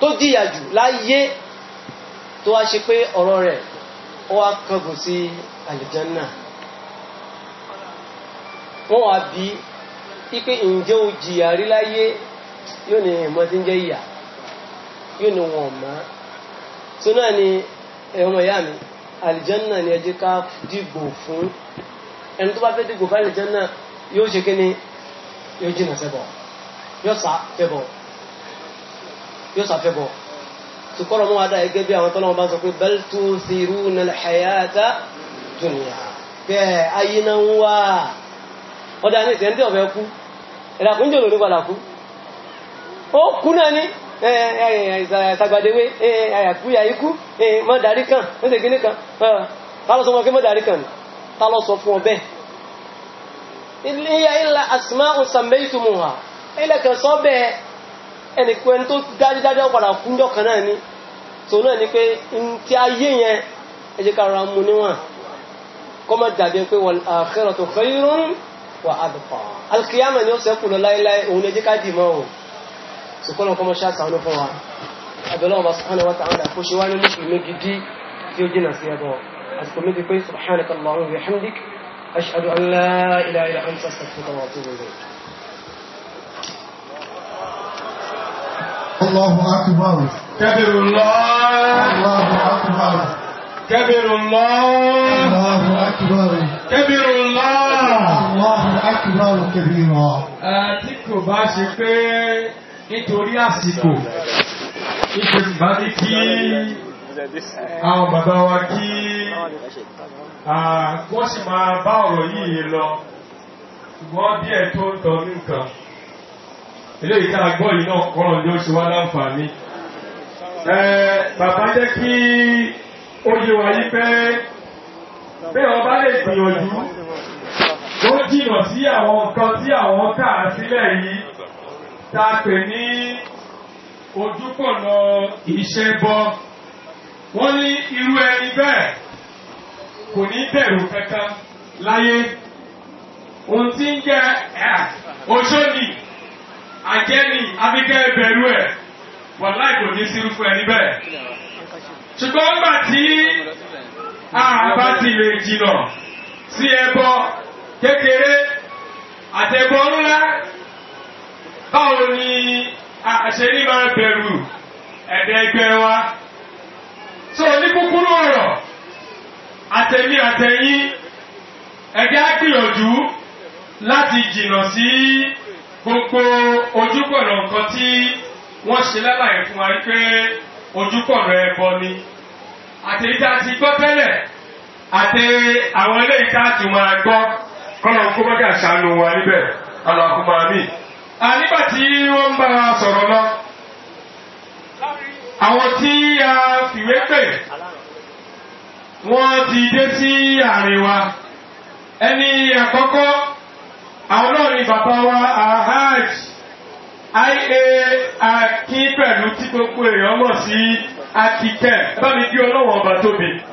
tó jìyà jù láyé tó wá ṣe pé ọ̀rọ̀ rẹ̀ ó wá kángun sí àlìjánná wọ́n wá bí ipe ǹjẹ́ o jìyà rí láyé yóò ní ìmọ̀ tí ń jẹ́ ìyà yóò ní wọn mọ́ so náà ni ẹ̀rọ ìyá mi àlìjánà ni ẹ jẹ́ ká dìgbò fún ẹni tó bá fẹ́ dìgbò fún àlìjánà yóò ṣe kí ni yóò jìnà sẹ́bọ̀ yóò sá fẹ́bọ̀ yóò sá fẹ́bọ̀ tukọ́rọ̀ mọ́ adá ẹgẹ́ bí àwọn tọ́lọ́wọ́ bá sọ pé bal tuthiruna al-hayata dunya bẹ́ẹ̀ ayé ọ̀dà ní ìsẹ̀ ń kú ẹ̀dàkùn jẹ́ òní padà kú ó kú náà ní ṣàgbàdéwé àyàkúyà ikú mọ́ darí kan mọ́ tẹ̀gí nìkan tálọ́sọ mọ́ kí mọ́ darí kan tálọ́sọ fún ọbẹ̀ ilé ilá asìmá òsànbẹ́ ìtumùhà ilẹ̀ kan sọ bẹ́ẹ̀ ẹnìkan tó dájúdájú padà kú jọ kan náà ní tó náà ní pé ti ayé yẹn ẹjẹ́ kára mu níwọ̀n kọ́mọ̀ dàbí pé wal akhiratu khayrun wà àbùkọ́ alkiyama ni ó sẹ́kù lọ láíláí òun lè jẹ́ ká dì mọ́ o sùkọ́lọ̀ kọ́mọ ṣá sàánú fún wa abẹ́lọ́wọ́ bá subhanahu wa ta'ala kó ṣe wá ní mùsùlùmí gidi tí ó jìnà sí ẹbọ àsìkò mi ti pé subhanaka allahumma wa bihamdik ashhadu an la ilaha illa anta astaghfiruka wa atubu ilayk الله أكبر كبر الله الله أكبر كبر الله الله أكبر كبر كبيرا tí kò bá ṣe pé nítorí àsìkò ìpè bá ní kí àwọn bàbá wa kí wọ́n sì máa bá ọ̀rọ̀ yìí lọ ṣùgbọ́n díẹ̀ tó ń tọ́ nìkan ilé ìta àgbọ́ yìí náà kọ́rọ̀ ló ṣe wá láǹfààní bàbá jẹ́ kí ó yé wa yí pé bí ọba lè gbìyànjú tó jìnà sí àwọn nǹkan tí àwọn kà á sílẹ̀ yìí tá a pè ní ojúpọ̀nà ìṣẹ́bọ wọ́n ní irú ẹni bẹ́ẹ̀ kò ní bẹ̀rù kankan láyé ohun tí ń jẹ́ oṣódì àjẹ́ni abíkẹ́ ìbẹ̀rù ẹ̀ wọ́n láì kò ní sírú ẹni bẹ́ẹ̀ ṣùgbọ́n gbà tí àbá ti lè jìnà sí ẹbọ kékeré àtẹ̀gbọ́n ńlá báwo ni àṣẹrí máa bẹ̀rù ẹ̀dẹ̀ ẹgbẹ́ wa so ní kúkúrú ọ̀rọ̀ àtẹ̀mí àtẹ̀yìn ẹ̀dẹ̀ á gbìyànjú láti jìnnà sí gbogbo ojúbọ̀nà nǹkan tí wọ́n ṣe lálàyé fún wa pé ojúbọ̀nà ẹbọ ni àtẹ̀yìn tá a ti gbọ́ tẹ́lẹ̀ àti àwọn eléyìí tá a tún máa gbọ́ kọ́nà kó bá dà sànù wa níbẹ̀ alákùnmá mi. ànígbà tí wọ́n ń bá a sọ̀rọ̀ lọ àwọn tí a fìwé pè wọ́n ti dé sí àárín wa ẹni àkọ́kọ́ àwọn náà ni bàbá wa ahaj ia akin pẹ̀lú tí gbogbo èèyàn mọ̀ sí akitẹ́ bá mi bí ọlọ́wọ́ ọba tóbi.